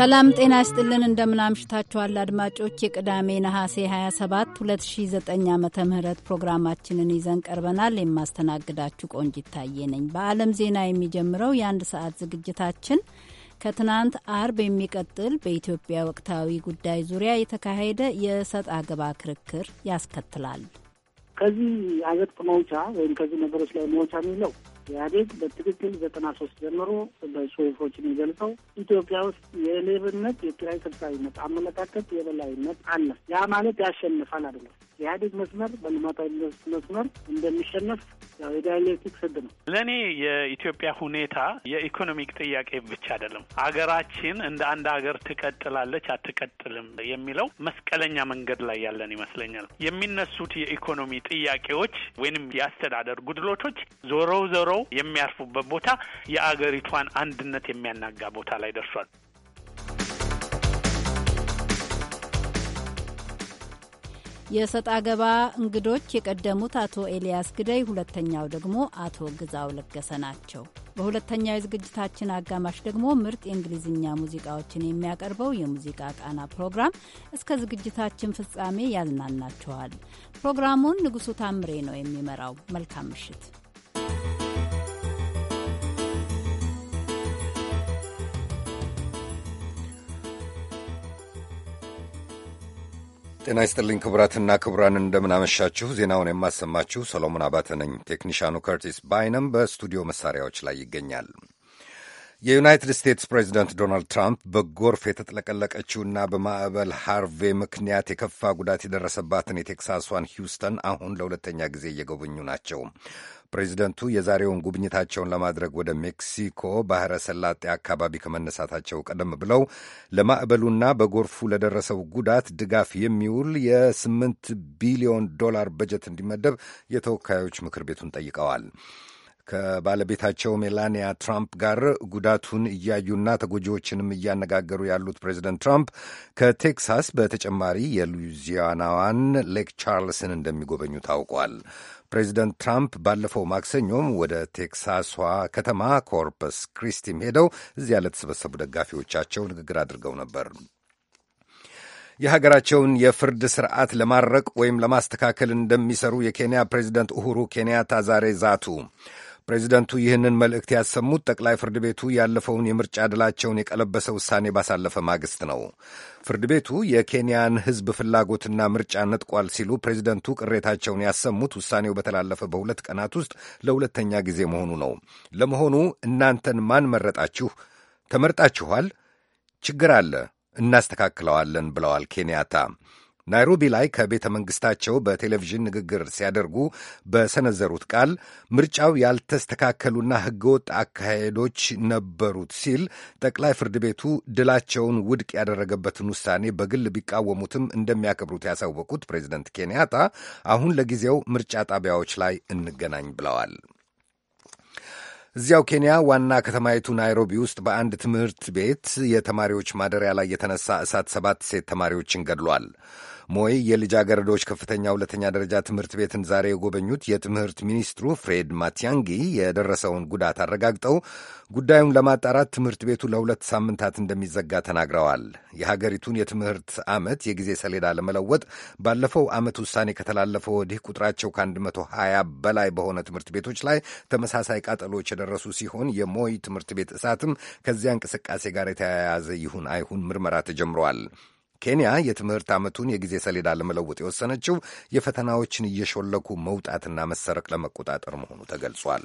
ሰላም ጤና ይስጥልን። እንደምናምሽታችኋል አድማጮች፣ የቅዳሜ ነሐሴ 27 2009 ዓ ም ፕሮግራማችንን ይዘን ቀርበናል። የማስተናግዳችሁ ቆንጅ ይታየ። ነኝ። በዓለም ዜና የሚጀምረው የአንድ ሰዓት ዝግጅታችን ከትናንት አርብ የሚቀጥል በኢትዮጵያ ወቅታዊ ጉዳይ ዙሪያ የተካሄደ የእሰጥ አገባ ክርክር ያስከትላል። ከዚህ አይነት መውጫ ወይም ከዚህ ነገሮች ላይ መውጫ የሚለው ኢህአዴግ በትክክል ዘጠና ሶስት ጀምሮ በጽሁፎች የሚገልጸው ኢትዮጵያ ውስጥ የሌብነት የኪራይ ሰብሳቢነት አመለካከት የበላይነት አለ። ያ ማለት ያሸንፋል አይደለም። የኢህአዴግ መስመር በልማታዊ መስመር እንደሚሸነፍ ያው ነው። ለእኔ የኢትዮጵያ ሁኔታ የኢኮኖሚክ ጥያቄ ብቻ አይደለም። አገራችን እንደ አንድ ሀገር ትቀጥላለች አትቀጥልም የሚለው መስቀለኛ መንገድ ላይ ያለን ይመስለኛል። የሚነሱት የኢኮኖሚ ጥያቄዎች ወይንም የአስተዳደር ጉድሎቶች ዞሮ ዞሮ የሚያርፉበት ቦታ የአገሪቷን አንድነት የሚያናጋ ቦታ ላይ ደርሷል። የሰጥ አገባ እንግዶች የቀደሙት አቶ ኤልያስ ግደይ፣ ሁለተኛው ደግሞ አቶ ግዛው ለገሰ ናቸው። በሁለተኛው የዝግጅታችን አጋማሽ ደግሞ ምርጥ የእንግሊዝኛ ሙዚቃዎችን የሚያቀርበው የሙዚቃ ቃና ፕሮግራም እስከ ዝግጅታችን ፍጻሜ ያዝናናችኋል። ፕሮግራሙን ንጉሱ ታምሬ ነው የሚመራው። መልካም ምሽት። ጤና ይስጥልኝ ክቡራትና ክቡራን፣ እንደምናመሻችሁ። ዜናውን የማሰማችሁ ሰሎሞን አባተ ነኝ። ቴክኒሻኑ ከርቲስ ባይነም በስቱዲዮ መሳሪያዎች ላይ ይገኛል። የዩናይትድ ስቴትስ ፕሬዚደንት ዶናልድ ትራምፕ በጎርፍ የተጥለቀለቀችውና በማዕበል ሃርቬ ምክንያት የከፋ ጉዳት የደረሰባትን የቴክሳሷን ሂውስተን አሁን ለሁለተኛ ጊዜ እየጎበኙ ናቸው። ፕሬዚደንቱ የዛሬውን ጉብኝታቸውን ለማድረግ ወደ ሜክሲኮ ባሕረ ሰላጤ አካባቢ ከመነሳታቸው ቀደም ብለው ለማዕበሉና በጎርፉ ለደረሰው ጉዳት ድጋፍ የሚውል የስምንት ቢሊዮን ዶላር በጀት እንዲመደብ የተወካዮች ምክር ቤቱን ጠይቀዋል። ከባለቤታቸው ሜላንያ ትራምፕ ጋር ጉዳቱን እያዩና ተጎጂዎችንም እያነጋገሩ ያሉት ፕሬዚደንት ትራምፕ ከቴክሳስ በተጨማሪ የሉዚያናዋን ሌክ ቻርልስን እንደሚጎበኙ ታውቋል። ፕሬዚደንት ትራምፕ ባለፈው ማክሰኞም ወደ ቴክሳሷ ከተማ ኮርፐስ ክሪስቲም ሄደው እዚያ ለተሰበሰቡ ደጋፊዎቻቸው ንግግር አድርገው ነበር። የሀገራቸውን የፍርድ ስርዓት ለማረቅ ወይም ለማስተካከል እንደሚሰሩ የኬንያ ፕሬዚደንት ኡሁሩ ኬንያታ ዛሬ ዛቱ። ፕሬዚደንቱ ይህንን መልእክት ያሰሙት ጠቅላይ ፍርድ ቤቱ ያለፈውን የምርጫ ድላቸውን የቀለበሰ ውሳኔ ባሳለፈ ማግስት ነው። ፍርድ ቤቱ የኬንያን ሕዝብ ፍላጎትና ምርጫ ነጥቋል ሲሉ ፕሬዚደንቱ ቅሬታቸውን ያሰሙት ውሳኔው በተላለፈ በሁለት ቀናት ውስጥ ለሁለተኛ ጊዜ መሆኑ ነው። ለመሆኑ እናንተን ማን መረጣችሁ? ተመርጣችኋል? ችግር አለ፣ እናስተካክለዋለን ብለዋል ኬንያታ ናይሮቢ ላይ ከቤተ መንግሥታቸው በቴሌቪዥን ንግግር ሲያደርጉ በሰነዘሩት ቃል ምርጫው ያልተስተካከሉና ሕገወጥ አካሄዶች ነበሩት ሲል ጠቅላይ ፍርድ ቤቱ ድላቸውን ውድቅ ያደረገበትን ውሳኔ በግል ቢቃወሙትም እንደሚያከብሩት ያሳወቁት ፕሬዚደንት ኬንያታ አሁን ለጊዜው ምርጫ ጣቢያዎች ላይ እንገናኝ ብለዋል። እዚያው ኬንያ ዋና ከተማይቱ ናይሮቢ ውስጥ በአንድ ትምህርት ቤት የተማሪዎች ማደሪያ ላይ የተነሳ እሳት ሰባት ሴት ተማሪዎችን ገድሏል። ሞይ የልጃገረዶች ከፍተኛ ሁለተኛ ደረጃ ትምህርት ቤትን ዛሬ የጎበኙት የትምህርት ሚኒስትሩ ፍሬድ ማቲያንጊ የደረሰውን ጉዳት አረጋግጠው ጉዳዩን ለማጣራት ትምህርት ቤቱ ለሁለት ሳምንታት እንደሚዘጋ ተናግረዋል። የሀገሪቱን የትምህርት ዓመት የጊዜ ሰሌዳ ለመለወጥ ባለፈው ዓመት ውሳኔ ከተላለፈ ወዲህ ቁጥራቸው ከ120 በላይ በሆነ ትምህርት ቤቶች ላይ ተመሳሳይ ቃጠሎዎች የደረሱ ሲሆን የሞይ ትምህርት ቤት እሳትም ከዚያ እንቅስቃሴ ጋር የተያያዘ ይሁን አይሁን ምርመራ ተጀምረዋል። ኬንያ የትምህርት ዓመቱን የጊዜ ሰሌዳ ለመለወጥ የወሰነችው የፈተናዎችን እየሾለኩ መውጣትና መሰረቅ ለመቆጣጠር መሆኑ ተገልጿል።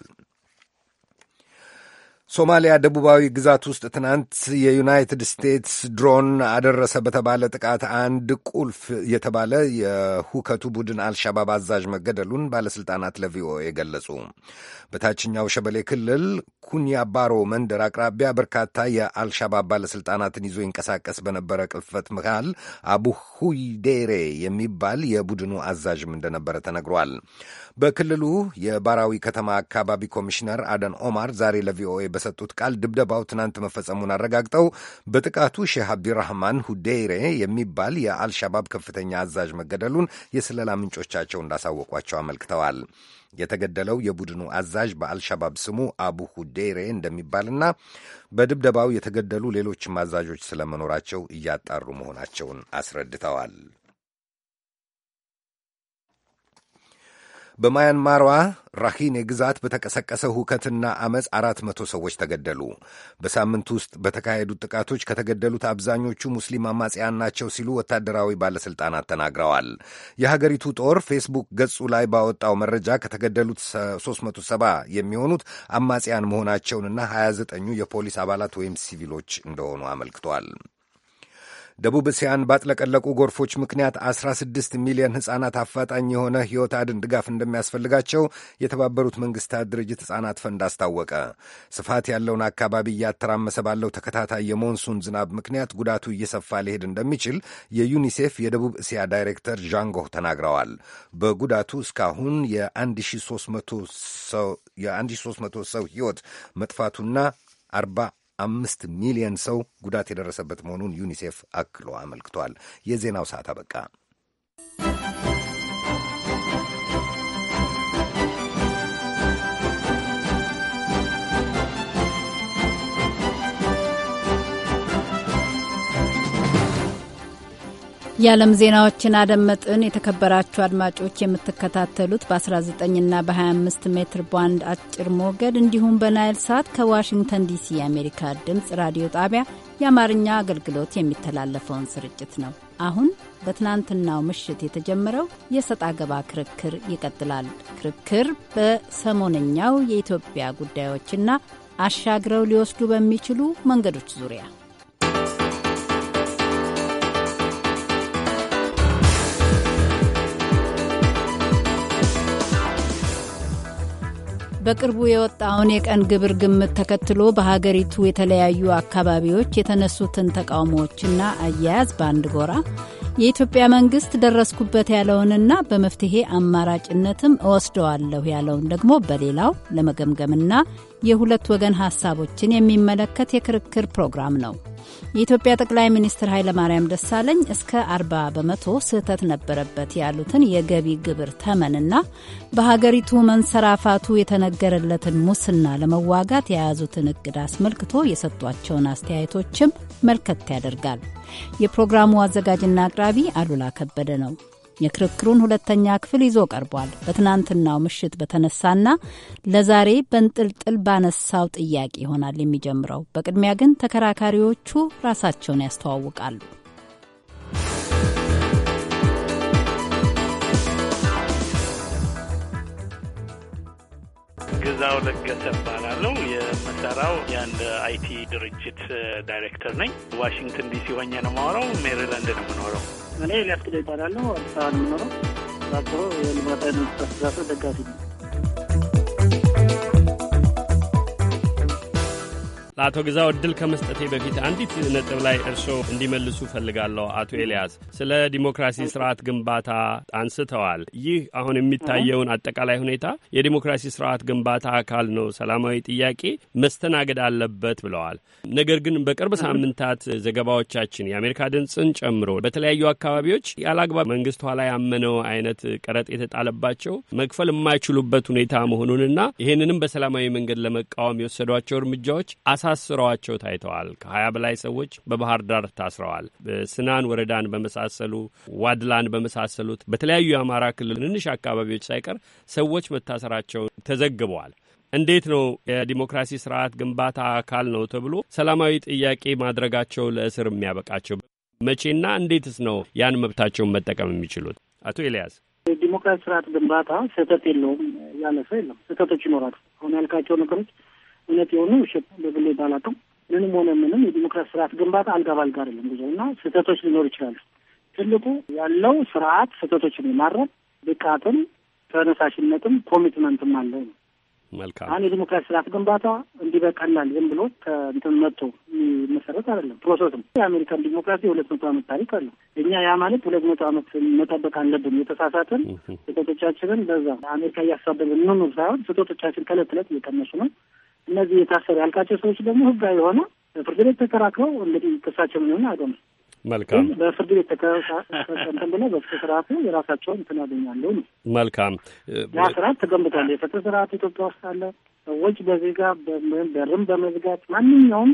ሶማሊያ ደቡባዊ ግዛት ውስጥ ትናንት የዩናይትድ ስቴትስ ድሮን አደረሰ በተባለ ጥቃት አንድ ቁልፍ የተባለ የሁከቱ ቡድን አልሻባብ አዛዥ መገደሉን ባለሥልጣናት ለቪኦኤ ገለጹ። በታችኛው ሸበሌ ክልል ኩንያባሮ መንደር አቅራቢያ በርካታ የአልሻባብ ባለሥልጣናትን ይዞ ይንቀሳቀስ በነበረ ቅልፈት መሃል አቡ ሁይዴሬ የሚባል የቡድኑ አዛዥም እንደነበረ ተነግሯል። በክልሉ የባራዊ ከተማ አካባቢ ኮሚሽነር አደን ኦማር ዛሬ ለቪኦኤ በሰጡት ቃል ድብደባው ትናንት መፈጸሙን አረጋግጠው በጥቃቱ ሼህ አብዲራህማን ሁዴይሬ የሚባል የአልሻባብ ከፍተኛ አዛዥ መገደሉን የስለላ ምንጮቻቸው እንዳሳወቋቸው አመልክተዋል። የተገደለው የቡድኑ አዛዥ በአልሻባብ ስሙ አቡ ሁዴይሬ እንደሚባልና በድብደባው የተገደሉ ሌሎችም አዛዦች ስለመኖራቸው እያጣሩ መሆናቸውን አስረድተዋል። በማያንማሯ ራሂኔ ግዛት በተቀሰቀሰ ሁከትና አመፅ አራት መቶ ሰዎች ተገደሉ። በሳምንት ውስጥ በተካሄዱት ጥቃቶች ከተገደሉት አብዛኞቹ ሙስሊም አማጽያን ናቸው ሲሉ ወታደራዊ ባለሥልጣናት ተናግረዋል። የሀገሪቱ ጦር ፌስቡክ ገጹ ላይ ባወጣው መረጃ ከተገደሉት 370 የሚሆኑት አማጽያን መሆናቸውንና 29ኙ የፖሊስ አባላት ወይም ሲቪሎች እንደሆኑ አመልክቷል። ደቡብ እስያን ባጥለቀለቁ ጎርፎች ምክንያት 16 ሚሊዮን ሕፃናት አፋጣኝ የሆነ ሕይወት አድን ድጋፍ እንደሚያስፈልጋቸው የተባበሩት መንግሥታት ድርጅት ሕፃናት ፈንድ አስታወቀ። ስፋት ያለውን አካባቢ እያተራመሰ ባለው ተከታታይ የሞንሱን ዝናብ ምክንያት ጉዳቱ እየሰፋ ሊሄድ እንደሚችል የዩኒሴፍ የደቡብ እስያ ዳይሬክተር ዣንጎህ ተናግረዋል። በጉዳቱ እስካሁን የ1300 ሰው ሕይወት መጥፋቱና 40 አምስት ሚሊየን ሰው ጉዳት የደረሰበት መሆኑን ዩኒሴፍ አክሎ አመልክቷል። የዜናው ሰዓት አበቃ። የዓለም ዜናዎችን አደመጥን። የተከበራችሁ አድማጮች የምትከታተሉት በ19ና በ25 ሜትር ባንድ አጭር ሞገድ እንዲሁም በናይል ሳት ከዋሽንግተን ዲሲ የአሜሪካ ድምፅ ራዲዮ ጣቢያ የአማርኛ አገልግሎት የሚተላለፈውን ስርጭት ነው። አሁን በትናንትናው ምሽት የተጀመረው የሰጥ አገባ ክርክር ይቀጥላል። ክርክር በሰሞነኛው የኢትዮጵያ ጉዳዮችና አሻግረው ሊወስዱ በሚችሉ መንገዶች ዙሪያ በቅርቡ የወጣውን የቀን ግብር ግምት ተከትሎ በሀገሪቱ የተለያዩ አካባቢዎች የተነሱትን ተቃውሞዎችና አያያዝ በአንድ ጎራ የኢትዮጵያ መንግስት ደረስኩበት ያለውንና በመፍትሄ አማራጭነትም እወስደዋለሁ ያለውን ደግሞ በሌላው ለመገምገምና የሁለት ወገን ሀሳቦችን የሚመለከት የክርክር ፕሮግራም ነው። የኢትዮጵያ ጠቅላይ ሚኒስትር ኃይለማርያም ደሳለኝ እስከ 40 በመቶ ስህተት ነበረበት ያሉትን የገቢ ግብር ተመንና በሀገሪቱ መንሰራፋቱ የተነገረለትን ሙስና ለመዋጋት የያዙትን እቅድ አስመልክቶ የሰጧቸውን አስተያየቶችም መልከት ያደርጋል። የፕሮግራሙ አዘጋጅና አቅራቢ አሉላ ከበደ ነው። የክርክሩን ሁለተኛ ክፍል ይዞ ቀርቧል። በትናንትናው ምሽት በተነሳና ለዛሬ በንጥልጥል ባነሳው ጥያቄ ይሆናል የሚጀምረው። በቅድሚያ ግን ተከራካሪዎቹ ራሳቸውን ያስተዋውቃሉ። ግዛው ለገሰ እባላለሁ። የምሰራው የአንድ አይቲ ድርጅት ዳይሬክተር ነኝ። ዋሽንግተን ዲሲ ሆኜ ነው የማወራው። ሜሪላንድ ነው የምኖረው። እኔ ሊያስክደ ይባላለሁ። አዲስ አበባ ነው የምኖረው። ባጭሩ የልማት አይነት ደጋፊ ነው። ለአቶ ግዛው እድል ከመስጠቴ በፊት አንዲት ነጥብ ላይ እርስዎ እንዲመልሱ ፈልጋለሁ። አቶ ኤልያስ ስለ ዲሞክራሲ ስርዓት ግንባታ አንስተዋል። ይህ አሁን የሚታየውን አጠቃላይ ሁኔታ የዲሞክራሲ ስርዓት ግንባታ አካል ነው፣ ሰላማዊ ጥያቄ መስተናገድ አለበት ብለዋል። ነገር ግን በቅርብ ሳምንታት ዘገባዎቻችን የአሜሪካ ድምፅን ጨምሮ በተለያዩ አካባቢዎች ያለአግባብ መንግስት ኋላ ያመነው አይነት ቀረጥ የተጣለባቸው መክፈል የማይችሉበት ሁኔታ መሆኑንና ይህንንም በሰላማዊ መንገድ ለመቃወም የወሰዷቸው እርምጃዎች አሳስረዋቸው ታይተዋል። ከሀያ በላይ ሰዎች በባህር ዳር ታስረዋል። ስናን ወረዳን በመሳሰሉ ዋድላን በመሳሰሉት በተለያዩ የአማራ ክልል ትንሽ አካባቢዎች ሳይቀር ሰዎች መታሰራቸው ተዘግበዋል። እንዴት ነው የዲሞክራሲ ስርዓት ግንባታ አካል ነው ተብሎ ሰላማዊ ጥያቄ ማድረጋቸው ለእስር የሚያበቃቸው? መቼና እንዴትስ ነው ያን መብታቸውን መጠቀም የሚችሉት? አቶ ኤልያስ ዲሞክራሲ ስርዓት ግንባታ ስህተት የለውም ያለ ሰው የለም። ስህተቶች ይኖራሉ። አሁን ያልካቸው ነገሮች እውነት የሆኑ ውሸት በግሌ ባላውቅም ምንም ሆነ ምንም የዲሞክራሲ ስርዓት ግንባታ አልጋ ባልጋ አይደለም ብዙ እና ስህተቶች ሊኖር ይችላሉ። ትልቁ ያለው ስርዓት ስህተቶችን የማረም ብቃትም ተነሳሽነትም ኮሚትመንትም አለው ነው። መልካም አሁን የዲሞክራሲ ስርዓት ግንባታ እንዲህ በቀላል ዝም ብሎ ከእንትን መጥቶ የሚመሰረት አይደለም። ፕሮሰስ ነው። የአሜሪካን ዲሞክራሲ የሁለት መቶ ዓመት ታሪክ አለው። እኛ ያ ማለት ሁለት መቶ ዓመት መጠበቅ አለብን። የተሳሳትን ስህተቶቻችንን በዛ አሜሪካ እያሳበብን እንኑር ሳይሆን ስህተቶቻችን ከእለት እለት እየቀነሱ ነው። እነዚህ የታሰሩ ያልካቸው ሰዎች ደግሞ ህጋዊ የሆነ ፍርድ ቤት ተከራክረው እንግዲህ ክሳቸው ምን ሆነ አይደለም። መልካም በፍርድ ቤት ተከራከንተን ብለው በፍትህ ስርአቱ የራሳቸውን እንትን ያገኛለሁ ነው። መልካም ያ ስርአት ተገንብቷል። የፍትህ ስርአት ኢትዮጵያ ውስጥ አለ። ሰዎች በዜጋ በርም በመዝጋት ማንኛውም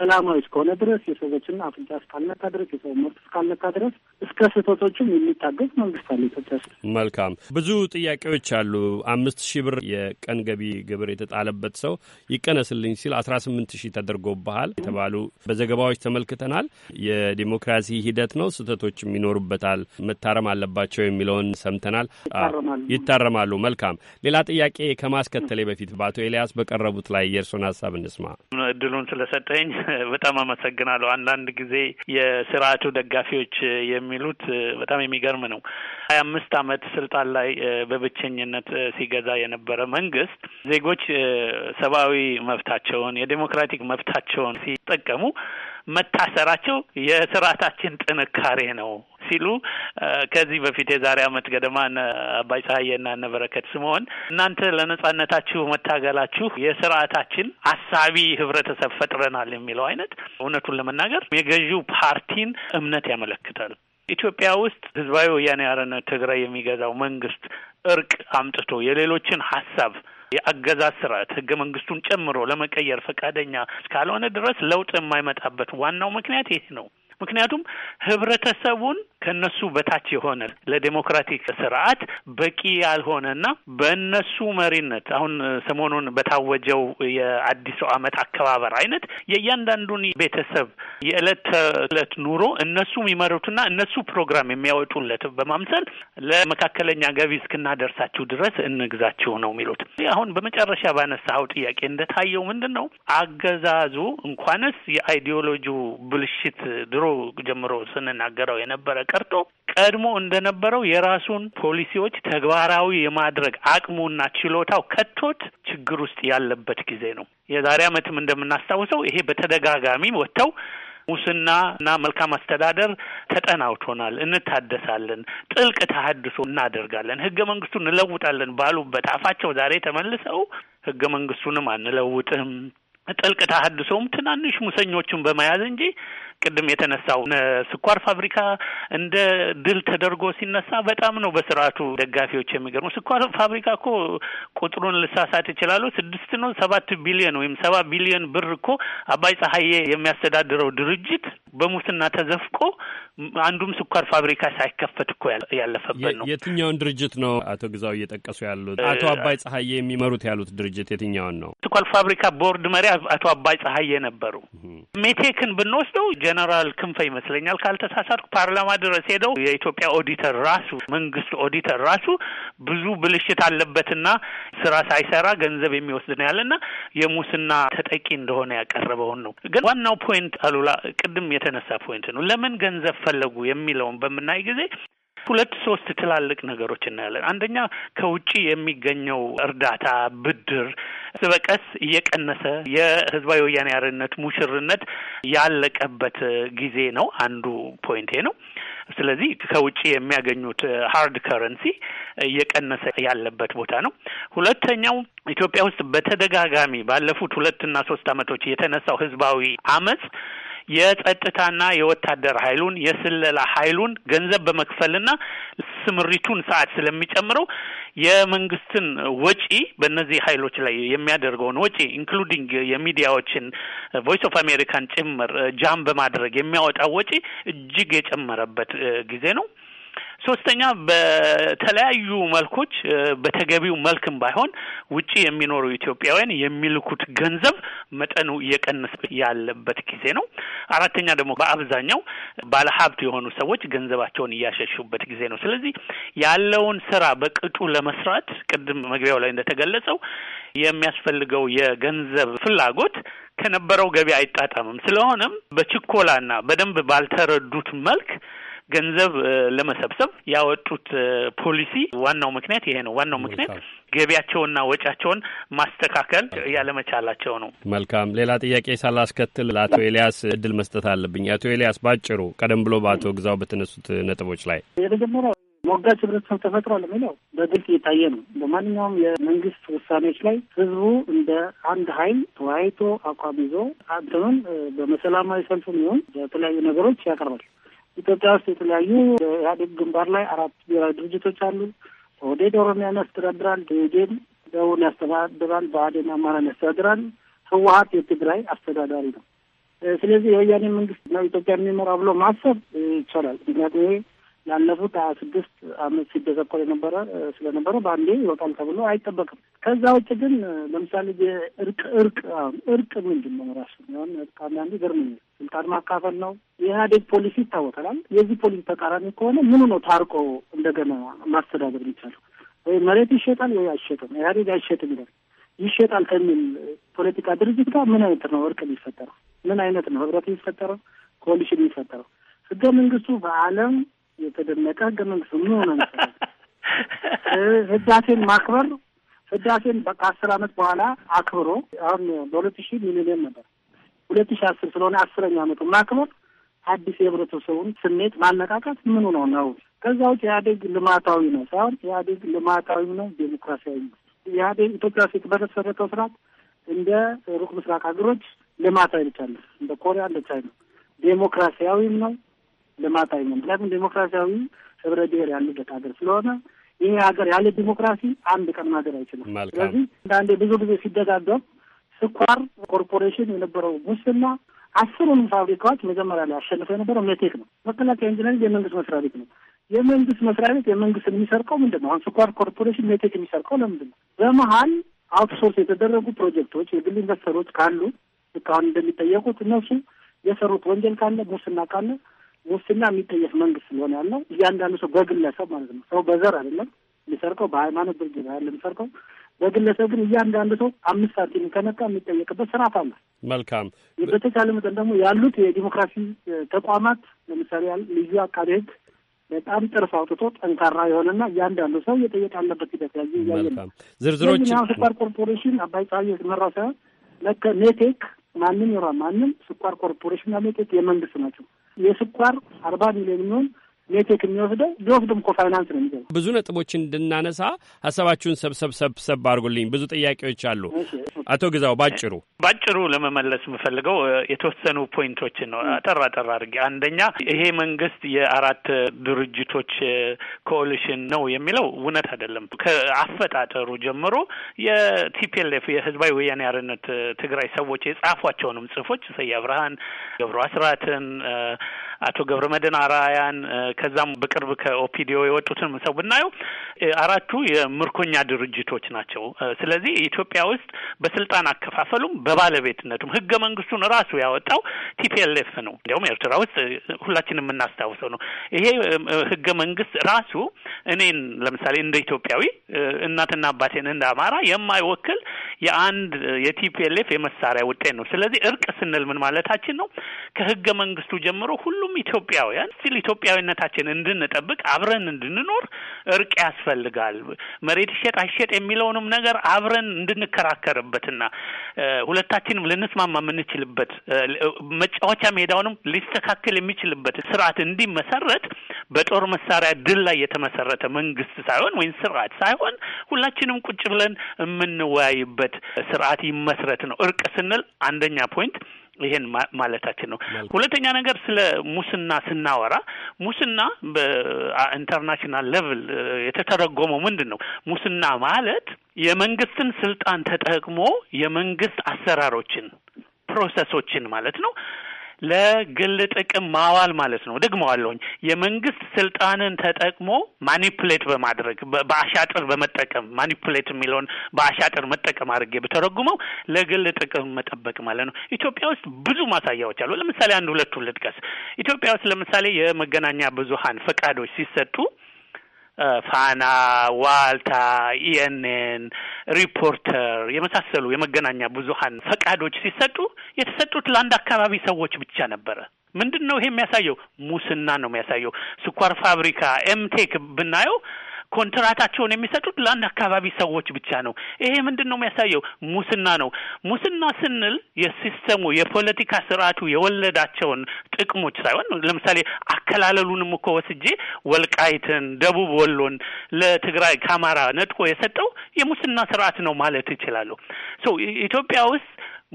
ሰላማዊ እስከሆነ ድረስ የሰዎችን አፍንጫ እስካልነካ ድረስ የሰው መብት እስካልነካ ድረስ እስከ ስህተቶችም የሚታገዝ መንግስት አለ ኢትዮጵያ ውስጥ። መልካም ብዙ ጥያቄዎች አሉ። አምስት ሺህ ብር የቀን ገቢ ግብር የተጣለበት ሰው ይቀነስልኝ ሲል አስራ ስምንት ሺህ ተደርጎብሃል የተባሉ በዘገባዎች ተመልክተናል። የዲሞክራሲ ሂደት ነው፣ ስህተቶችም ይኖሩበታል፣ መታረም አለባቸው የሚለውን ሰምተናል። ይታረማሉ። መልካም ሌላ ጥያቄ ከማስከተሌ በፊት በአቶ ኤልያስ በቀረቡት ላይ የእርሶን ሀሳብ እንስማ። እድሉን ስለሰጠኝ በጣም አመሰግናለሁ። አንዳንድ ጊዜ የስርዓቱ ደጋፊዎች የሚሉት በጣም የሚገርም ነው። ሀያ አምስት አመት ስልጣን ላይ በብቸኝነት ሲገዛ የነበረ መንግስት ዜጎች ሰብአዊ መብታቸውን የዴሞክራቲክ መብታቸውን ሲጠቀሙ መታሰራቸው የስርዓታችን ጥንካሬ ነው ሲሉ ከዚህ በፊት የዛሬ ዓመት ገደማ አባይ ፀሐዬና እነ በረከት ስምኦን እናንተ ለነጻነታችሁ መታገላችሁ የስርዓታችን አሳቢ ህብረተሰብ ፈጥረናል የሚለው አይነት እውነቱን ለመናገር የገዢው ፓርቲን እምነት ያመለክታል። ኢትዮጵያ ውስጥ ህዝባዊ ወያኔ ሓርነት ትግራይ የሚገዛው መንግስት እርቅ አምጥቶ የሌሎችን ሀሳብ የአገዛዝ ስርዓት ህገ መንግስቱን ጨምሮ ለመቀየር ፈቃደኛ እስካልሆነ ድረስ ለውጥ የማይመጣበት ዋናው ምክንያት ይህ ነው። ምክንያቱም ህብረተሰቡን ከነሱ በታች የሆነ ለዴሞክራቲክ ስርዓት በቂ ያልሆነና በእነሱ መሪነት አሁን ሰሞኑን በታወጀው የአዲሱ ዓመት አከባበር አይነት የእያንዳንዱን ቤተሰብ የዕለት ተዕለት ኑሮ እነሱ የሚመሩትና እነሱ ፕሮግራም የሚያወጡለት በማምሰል ለመካከለኛ ገቢ እስክናደርሳችሁ ድረስ እንግዛችሁ ነው የሚሉት። አሁን በመጨረሻ ባነሳው ጥያቄ እንደታየው ምንድን ነው አገዛዙ እንኳንስ የአይዲዮሎጂው ብልሽት ድሮ ጀምሮ ስንናገረው የነበረ ቀርቶ ቀድሞ እንደነበረው የራሱን ፖሊሲዎች ተግባራዊ የማድረግ አቅሙና ችሎታው ከቶት ችግር ውስጥ ያለበት ጊዜ ነው። የዛሬ ዓመትም እንደምናስታውሰው ይሄ በተደጋጋሚ ወጥተው ሙስና እና መልካም አስተዳደር ተጠናውቶናል፣ እንታደሳለን፣ ጥልቅ ተሀድሶ እናደርጋለን፣ ህገ መንግስቱ እንለውጣለን ባሉበት አፋቸው ዛሬ ተመልሰው ህገ መንግስቱንም አንለውጥም ጥልቅ ተሀድሶም ትናንሽ ሙሰኞችን በመያዝ እንጂ ቅድም የተነሳው ስኳር ፋብሪካ እንደ ድል ተደርጎ ሲነሳ በጣም ነው በስርዓቱ ደጋፊዎች የሚገርሙ። ስኳር ፋብሪካ እኮ ቁጥሩን ልሳሳት ይችላሉ ስድስት ነው ሰባት ቢሊዮን ወይም ሰባ ቢሊዮን ብር እኮ አባይ ፀሐዬ የሚያስተዳድረው ድርጅት በሙስና ተዘፍቆ አንዱም ስኳር ፋብሪካ ሳይከፈት እኮ ያለፈበት ነው። የትኛውን ድርጅት ነው አቶ ግዛው እየጠቀሱ ያሉት? አቶ አባይ ፀሐዬ የሚመሩት ያሉት ድርጅት የትኛውን ነው? ስኳር ፋብሪካ ቦርድ መሪ አቶ አባይ ፀሐዬ ነበሩ። ሜቴክን ብንወስደው ጀነራል ክንፈ ይመስለኛል ካልተሳሳትኩ ፓርላማ ድረስ ሄደው የኢትዮጵያ ኦዲተር ራሱ መንግስት ኦዲተር ራሱ ብዙ ብልሽት አለበትና ስራ ሳይሰራ ገንዘብ የሚወስድ ነው ያለና የሙስና ተጠቂ እንደሆነ ያቀረበውን ነው። ግን ዋናው ፖይንት አሉላ ቅድም የተነሳ ፖይንት ነው። ለምን ገንዘብ ፈለጉ የሚለውን በምናይ ጊዜ ሁለት ሶስት ትላልቅ ነገሮች እናያለን። አንደኛ ከውጭ የሚገኘው እርዳታ ብድር በቀስ እየቀነሰ የህዝባዊ ወያኔ ሓርነት ሙሽርነት ያለቀበት ጊዜ ነው። አንዱ ፖይንቴ ነው። ስለዚህ ከውጭ የሚያገኙት ሀርድ ከረንሲ እየቀነሰ ያለበት ቦታ ነው። ሁለተኛው ኢትዮጵያ ውስጥ በተደጋጋሚ ባለፉት ሁለትና ሶስት ዓመቶች የተነሳው ህዝባዊ አመፅ የጸጥታና የወታደር ኃይሉን የስለላ ኃይሉን ገንዘብ በመክፈልና ስምሪቱን ሰዓት ስለሚጨምረው የመንግስትን ወጪ በእነዚህ ኃይሎች ላይ የሚያደርገውን ወጪ ኢንክሉዲንግ የሚዲያዎችን ቮይስ ኦፍ አሜሪካን ጭምር ጃም በማድረግ የሚያወጣው ወጪ እጅግ የጨመረበት ጊዜ ነው። ሶስተኛ በተለያዩ መልኮች በተገቢው መልክም ባይሆን ውጪ የሚኖሩ ኢትዮጵያውያን የሚልኩት ገንዘብ መጠኑ እየቀነሰ ያለበት ጊዜ ነው። አራተኛ ደግሞ በአብዛኛው ባለሀብት የሆኑ ሰዎች ገንዘባቸውን እያሸሹበት ጊዜ ነው። ስለዚህ ያለውን ስራ በቅጡ ለመስራት ቅድም መግቢያው ላይ እንደተገለጸው የሚያስፈልገው የገንዘብ ፍላጎት ከነበረው ገቢ አይጣጣምም። ስለሆነም በችኮላና በደንብ ባልተረዱት መልክ ገንዘብ ለመሰብሰብ ያወጡት ፖሊሲ ዋናው ምክንያት ይሄ ነው። ዋናው ምክንያት ገቢያቸውና ወጫቸውን ማስተካከል ያለመቻላቸው ነው። መልካም። ሌላ ጥያቄ ሳላስከትል ለአቶ ኤልያስ እድል መስጠት አለብኝ። አቶ ኤልያስ ባጭሩ ቀደም ብሎ በአቶ ግዛው በተነሱት ነጥቦች ላይ የመጀመሪያው ሞጋች ህብረተሰብ ተፈጥሯል የሚለው በግልጽ እየታየ ነው። በማንኛውም የመንግስት ውሳኔዎች ላይ ህዝቡ እንደ አንድ ኃይል ተወያይቶ አቋም ይዞ አንትኑን በመሰላማዊ ሰልፍም ይሁን በተለያዩ ነገሮች ያቀርባል። ኢትዮጵያ ውስጥ የተለያዩ ኢህአዴግ ግንባር ላይ አራት ብሔራዊ ድርጅቶች አሉ። ኦህዴድ ኦሮሚያን ያስተዳድራል። ደኢህዴን ደቡብን ያስተዳድራል። ብአዴን አማራን ያስተዳድራል። ህወሀት የትግራይ አስተዳዳሪ ነው። ስለዚህ የወያኔ መንግስት ነው ኢትዮጵያ የሚመራ ብሎ ማሰብ ይቻላል። ምክንያቱም ላለፉት ሀያ ስድስት አመት ሲደሰኮር የነበረ ስለነበረ በአንዴ ይወጣል ተብሎ አይጠበቅም። ከዛ ውጭ ግን ለምሳሌ እርቅ እርቅ እርቅ ምንድን ነው ራሱ ሆን እርቅ አንዳንዴ ገርመኛል። ስልጣን ማካፈል ነው የኢህአዴግ ፖሊሲ ይታወቀላል። የዚህ ፖሊሲ ተቃራኒ ከሆነ ምኑ ነው ታርቆ እንደገና ማስተዳደር የሚቻለው? ወይ መሬት ይሸጣል ወይ አይሸጥም። ኢህአዴግ አይሸጥም ይላል። ይሸጣል ከሚል ፖለቲካ ድርጅት ጋር ምን አይነት ነው እርቅ የሚፈጠረው? ምን አይነት ነው ህብረት የሚፈጠረው? ኮሊሽን የሚፈጠረው? ህገ መንግስቱ በዓለም የተደነቀ ህገ መንግስት ምን ሆነ ህዳሴን ማክበር ህዳሴን ከአስር አመት በኋላ አክብሮ አሁን በሁለት ሺህ ሚሊኒየም ነበር ሁለት ሺህ አስር ስለሆነ አስረኛ አመቱ ማክበር አዲስ የህብረተሰቡን ስሜት ማነቃቃት ምኑ ነው ነው። ከዛ ውጭ ኢህአዴግ ልማታዊ ነው ሳይሆን ኢህአዴግ ልማታዊ ነው፣ ዴሞክራሲያዊ ነው። ኢህአዴግ ኢትዮጵያ ውስጥ የተመሰረተው ስርዓት እንደ ሩቅ ምስራቅ ሀገሮች ልማታዊ ብቻ እንደ ኮሪያ፣ እንደ ቻይና ዴሞክራሲያዊም ነው ልማታዊ ምክንያቱም ዴሞክራሲያዊ ህብረ ብሔር ያሉበት ሀገር ስለሆነ ይሄ ሀገር ያለ ዲሞክራሲ አንድ ቀን ማደር አይችልም። ስለዚህ አንዳንዴ ብዙ ጊዜ ሲደጋገም ስኳር ኮርፖሬሽን የነበረው ሙስና አስሩንም ፋብሪካዎች መጀመሪያ ላይ አሸንፈው የነበረው ሜቴክ ነው። መከላከያ ኢንጂነሪንግ የመንግስት መስሪያ ቤት ነው። የመንግስት መስሪያ ቤት የመንግስት የሚሰርቀው ምንድን ነው? አሁን ስኳር ኮርፖሬሽን ሜቴክ የሚሰርቀው ለምንድን ነው? በመሀል አውትሶርስ የተደረጉ ፕሮጀክቶች የግል ኢንቨስተሮች ካሉ ልክ አሁን እንደሚጠየቁት እነሱ የሰሩት ወንጀል ካለ ሙስና ካለ ሙስና የሚጠየፍ መንግስት ስለሆነ ያለው እያንዳንዱ ሰው በግለሰብ ማለት ነው። ሰው በዘር አይደለም የሚሰርቀው፣ በሃይማኖት ድርጅት አይደለም የሚሰርቀው በግለሰብ ግን እያንዳንዱ ሰው አምስት ሳንቲም ከነካ የሚጠየቅበት ስርዓት አለ። መልካም። በተቻለ መጠን ደግሞ ያሉት የዲሞክራሲ ተቋማት ለምሳሌ ልዩ አቃቤ ህግ በጣም ጥርፍ አውጥቶ ጠንካራ የሆነና እያንዳንዱ ሰው እየጠየቅ ያለበት ሂደት ያየ እያየ ነው። ዝርዝሮች ስኳር ኮርፖሬሽን አባይ ፀሐይ የተመራ ሳይሆን ኔቴክ ማንም ይሯ ማንም ስኳር ኮርፖሬሽን ና ኔቴክ የመንግስት ናቸው። የስኳር አርባ ሚሊዮን የሚሆን ሜቴክ የሚወስደው ቢወስድም እኮ ፋይናንስ ነው የሚገ ብዙ ነጥቦች እንድናነሳ ሀሳባችሁን ሰብሰብ ሰብሰብ አድርጉልኝ። ብዙ ጥያቄዎች አሉ። አቶ ግዛው ባጭሩ ባጭሩ ለመመለስ የምፈልገው የተወሰኑ ፖይንቶችን ነው አጠር አጠር አድርጌ። አንደኛ ይሄ መንግስት የአራት ድርጅቶች ኮሊሽን ነው የሚለው እውነት አይደለም። ከአፈጣጠሩ ጀምሮ የቲፒኤልኤፍ የህዝባዊ ወያኔ ሓርነት ትግራይ ሰዎች የጻፏቸውንም ጽሁፎች ስዬ አብርሃን ገብሩ አስራትን አቶ ገብረ መድን አራያን ከዛም በቅርብ ከኦፒዲዮ የወጡትን ሰው ብናየው አራቱ የምርኮኛ ድርጅቶች ናቸው። ስለዚህ ኢትዮጵያ ውስጥ በስልጣን አከፋፈሉም በባለቤትነቱም ህገ መንግስቱን ራሱ ያወጣው ቲፒኤልኤፍ ነው። እንዲያውም ኤርትራ ውስጥ ሁላችን የምናስታውሰው ነው። ይሄ ህገ መንግስት ራሱ እኔን ለምሳሌ እንደ ኢትዮጵያዊ እናትና አባቴን እንደ አማራ የማይወክል የአንድ የቲፒኤልኤፍ የመሳሪያ ውጤት ነው። ስለዚህ እርቅ ስንል ምን ማለታችን ነው? ከህገ መንግስቱ ጀምሮ ሁሉ ሁሉም ኢትዮጵያውያን ስቲል ኢትዮጵያዊነታችን እንድንጠብቅ አብረን እንድንኖር እርቅ ያስፈልጋል። መሬት ይሸጥ አይሸጥ የሚለውንም ነገር አብረን እንድንከራከርበትና ሁለታችንም ልንስማማ የምንችልበት መጫወቻ ሜዳውንም ሊስተካከል የሚችልበት ስርዓት እንዲመሰረት በጦር መሳሪያ ድል ላይ የተመሰረተ መንግስት ሳይሆን ወይም ስርዓት ሳይሆን ሁላችንም ቁጭ ብለን የምንወያይበት ስርዓት ይመስረት ነው። እርቅ ስንል አንደኛ ፖይንት ይሄን ማለታችን ነው። ሁለተኛ ነገር ስለ ሙስና ስናወራ ሙስና በኢንተርናሽናል ሌቭል የተተረጎመው ምንድን ነው? ሙስና ማለት የመንግስትን ስልጣን ተጠቅሞ የመንግስት አሰራሮችን ፕሮሰሶችን ማለት ነው ለግል ጥቅም ማዋል ማለት ነው። ደግመዋለሁኝ። የመንግስት ስልጣንን ተጠቅሞ ማኒፕሌት በማድረግ በአሻጥር በመጠቀም ማኒፕሌት የሚለውን በአሻጥር መጠቀም አድርጌ በተረጉመው ለግል ጥቅም መጠበቅ ማለት ነው። ኢትዮጵያ ውስጥ ብዙ ማሳያዎች አሉ። ለምሳሌ አንድ ሁለቱን ልጥቀስ። ኢትዮጵያ ውስጥ ለምሳሌ የመገናኛ ብዙሀን ፈቃዶች ሲሰጡ ፋና፣ ዋልታ፣ ኢኤንኤን፣ ሪፖርተር የመሳሰሉ የመገናኛ ብዙሀን ፈቃዶች ሲሰጡ የተሰጡት ለአንድ አካባቢ ሰዎች ብቻ ነበረ። ምንድን ነው ይሄ የሚያሳየው? ሙስና ነው የሚያሳየው። ስኳር ፋብሪካ ኤምቴክ ብናየው ኮንትራታቸውን የሚሰጡት ለአንድ አካባቢ ሰዎች ብቻ ነው። ይሄ ምንድን ነው የሚያሳየው? ሙስና ነው። ሙስና ስንል የሲስተሙ የፖለቲካ ስርዓቱ የወለዳቸውን ጥቅሞች ሳይሆን ለምሳሌ አከላለሉንም እኮ ወስጄ ወልቃይትን፣ ደቡብ ወሎን ለትግራይ ከአማራ ነጥቆ የሰጠው የሙስና ስርዓት ነው ማለት እችላለሁ። ሶ ኢትዮጵያ ውስጥ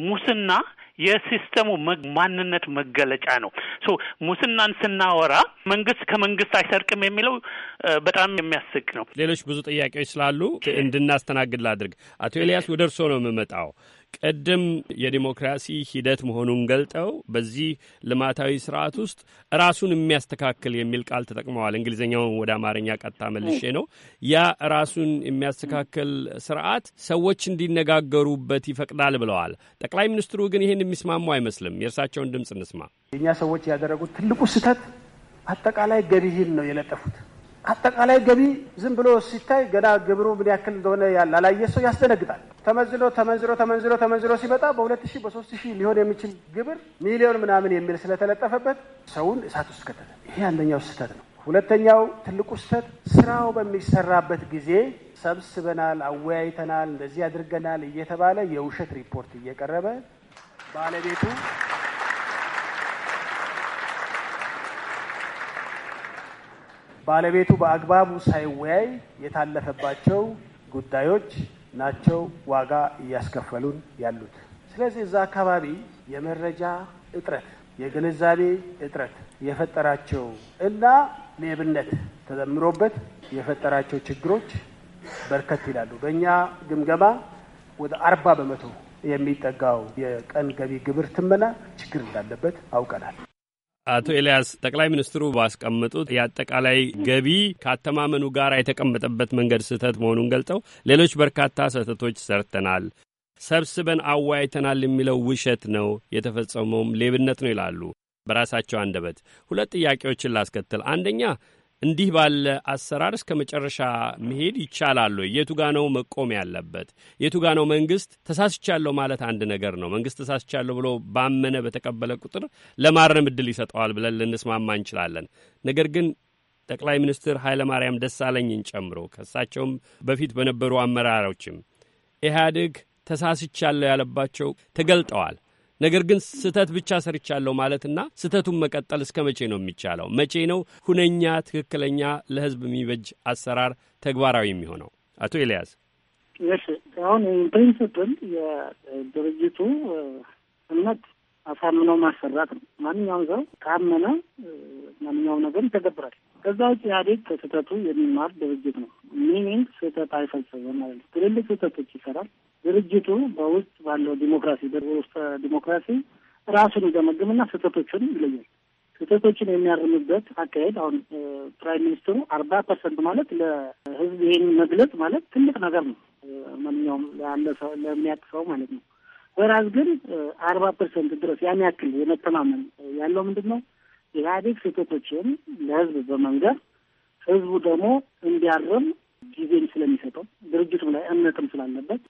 ሙስና የሲስተሙ ማንነት መገለጫ ነው። ሶ ሙስናን ስናወራ መንግስት ከመንግስት አይሰርቅም የሚለው በጣም የሚያስቅ ነው። ሌሎች ብዙ ጥያቄዎች ስላሉ እንድናስተናግድ ላድርግ። አቶ ኤልያስ ወደ እርስዎ ነው የምመጣው። ቅድም የዲሞክራሲ ሂደት መሆኑን ገልጠው በዚህ ልማታዊ ስርዓት ውስጥ ራሱን የሚያስተካክል የሚል ቃል ተጠቅመዋል። እንግሊዝኛውን ወደ አማርኛ ቀጥታ መልሼ ነው። ያ ራሱን የሚያስተካክል ስርዓት ሰዎች እንዲነጋገሩበት ይፈቅዳል ብለዋል። ጠቅላይ ሚኒስትሩ ግን ይህን የሚስማሙ አይመስልም። የእርሳቸውን ድምፅ እንስማ። የእኛ ሰዎች ያደረጉት ትልቁ ስህተት አጠቃላይ ገቢህን ነው የለጠፉት አጠቃላይ ገቢ ዝም ብሎ ሲታይ ገና ግብሩ ምን ያክል እንደሆነ ያላላየ ሰው ያስደነግጣል። ተመዝኖ ተመንዝሮ ተመንዝሮ ተመንዝሮ ሲመጣ በሁለት ሺህ በሶስት ሺህ ሊሆን የሚችል ግብር ሚሊዮን ምናምን የሚል ስለተለጠፈበት ሰውን እሳት ውስጥ ከተተ። ይሄ አንደኛው ስህተት ነው። ሁለተኛው ትልቁ ስህተት ስራው በሚሰራበት ጊዜ ሰብስበናል፣ አወያይተናል፣ እንደዚህ አድርገናል እየተባለ የውሸት ሪፖርት እየቀረበ ባለቤቱ ባለቤቱ በአግባቡ ሳይወያይ የታለፈባቸው ጉዳዮች ናቸው ዋጋ እያስከፈሉን ያሉት። ስለዚህ እዛ አካባቢ የመረጃ እጥረት፣ የግንዛቤ እጥረት የፈጠራቸው እና ሌብነት ተዘምሮበት የፈጠራቸው ችግሮች በርከት ይላሉ። በእኛ ግምገማ ወደ አርባ በመቶ የሚጠጋው የቀን ገቢ ግብር ትመና ችግር እንዳለበት አውቀናል። አቶ ኤልያስ ጠቅላይ ሚኒስትሩ ባስቀመጡት የአጠቃላይ ገቢ ከአተማመኑ ጋር የተቀመጠበት መንገድ ስህተት መሆኑን ገልጸው ሌሎች በርካታ ስህተቶች ሰርተናል፣ ሰብስበን አወያይተናል የሚለው ውሸት ነው፣ የተፈጸመውም ሌብነት ነው ይላሉ በራሳቸው አንደበት። ሁለት ጥያቄዎችን ላስከትል። አንደኛ እንዲህ ባለ አሰራር እስከ መጨረሻ መሄድ ይቻላሉ? የቱ ጋ ነው መቆም ያለበት? የቱ ጋ ነው መንግስት ተሳስቻለሁ ማለት አንድ ነገር ነው። መንግስት ተሳስቻለሁ ብሎ ባመነ በተቀበለ ቁጥር ለማረም እድል ይሰጠዋል ብለን ልንስማማ እንችላለን። ነገር ግን ጠቅላይ ሚኒስትር ኃይለማርያም ደሳለኝን ጨምሮ ከእሳቸውም በፊት በነበሩ አመራሮችም ኢህአዴግ ተሳስቻለሁ ያለባቸው ተገልጠዋል። ነገር ግን ስህተት ብቻ ሰርቻለሁ ማለትና ስህተቱን መቀጠል እስከ መቼ ነው የሚቻለው? መቼ ነው ሁነኛ ትክክለኛ ለህዝብ የሚበጅ አሰራር ተግባራዊ የሚሆነው? አቶ ኤልያስ። እሺ፣ አሁን ፕሪንስፕል የድርጅቱ እምነት አሳምነው ማሰራት ነው። ማንኛውም ሰው ካመነ ማንኛውም ነገር ይተገብራል። ከዛ ውጭ ኢህአዴግ ከስህተቱ የሚማር ድርጅት ነው። ሚኒንግ ስህተት አይፈጽምም ማለት ነው። ትልልቅ ስህተቶች ይሰራል። ድርጅቱ በውስጥ ባለው ዲሞክራሲ በውስጥ ዲሞክራሲ ራሱን ይገመግምና ስህተቶቹን ይለያል። ስህተቶችን የሚያርምበት አካሄድ አሁን ፕራይም ሚኒስትሩ አርባ ፐርሰንት ማለት ለህዝብ ይህን መግለጽ ማለት ትልቅ ነገር ነው። ማንኛውም ለአለ ሰው ለሚያቅ ሰው ማለት ነው። ወራዝ ግን አርባ ፐርሰንት ድረስ ያን ያክል የመተማመን ያለው ምንድን ነው? ኢህአዴግ ስህተቶችን ለህዝብ በመንገር ህዝቡ ደግሞ እንዲያርም ጊዜም ስለሚሰጠው ድርጅቱም ላይ እምነትም ስላለበት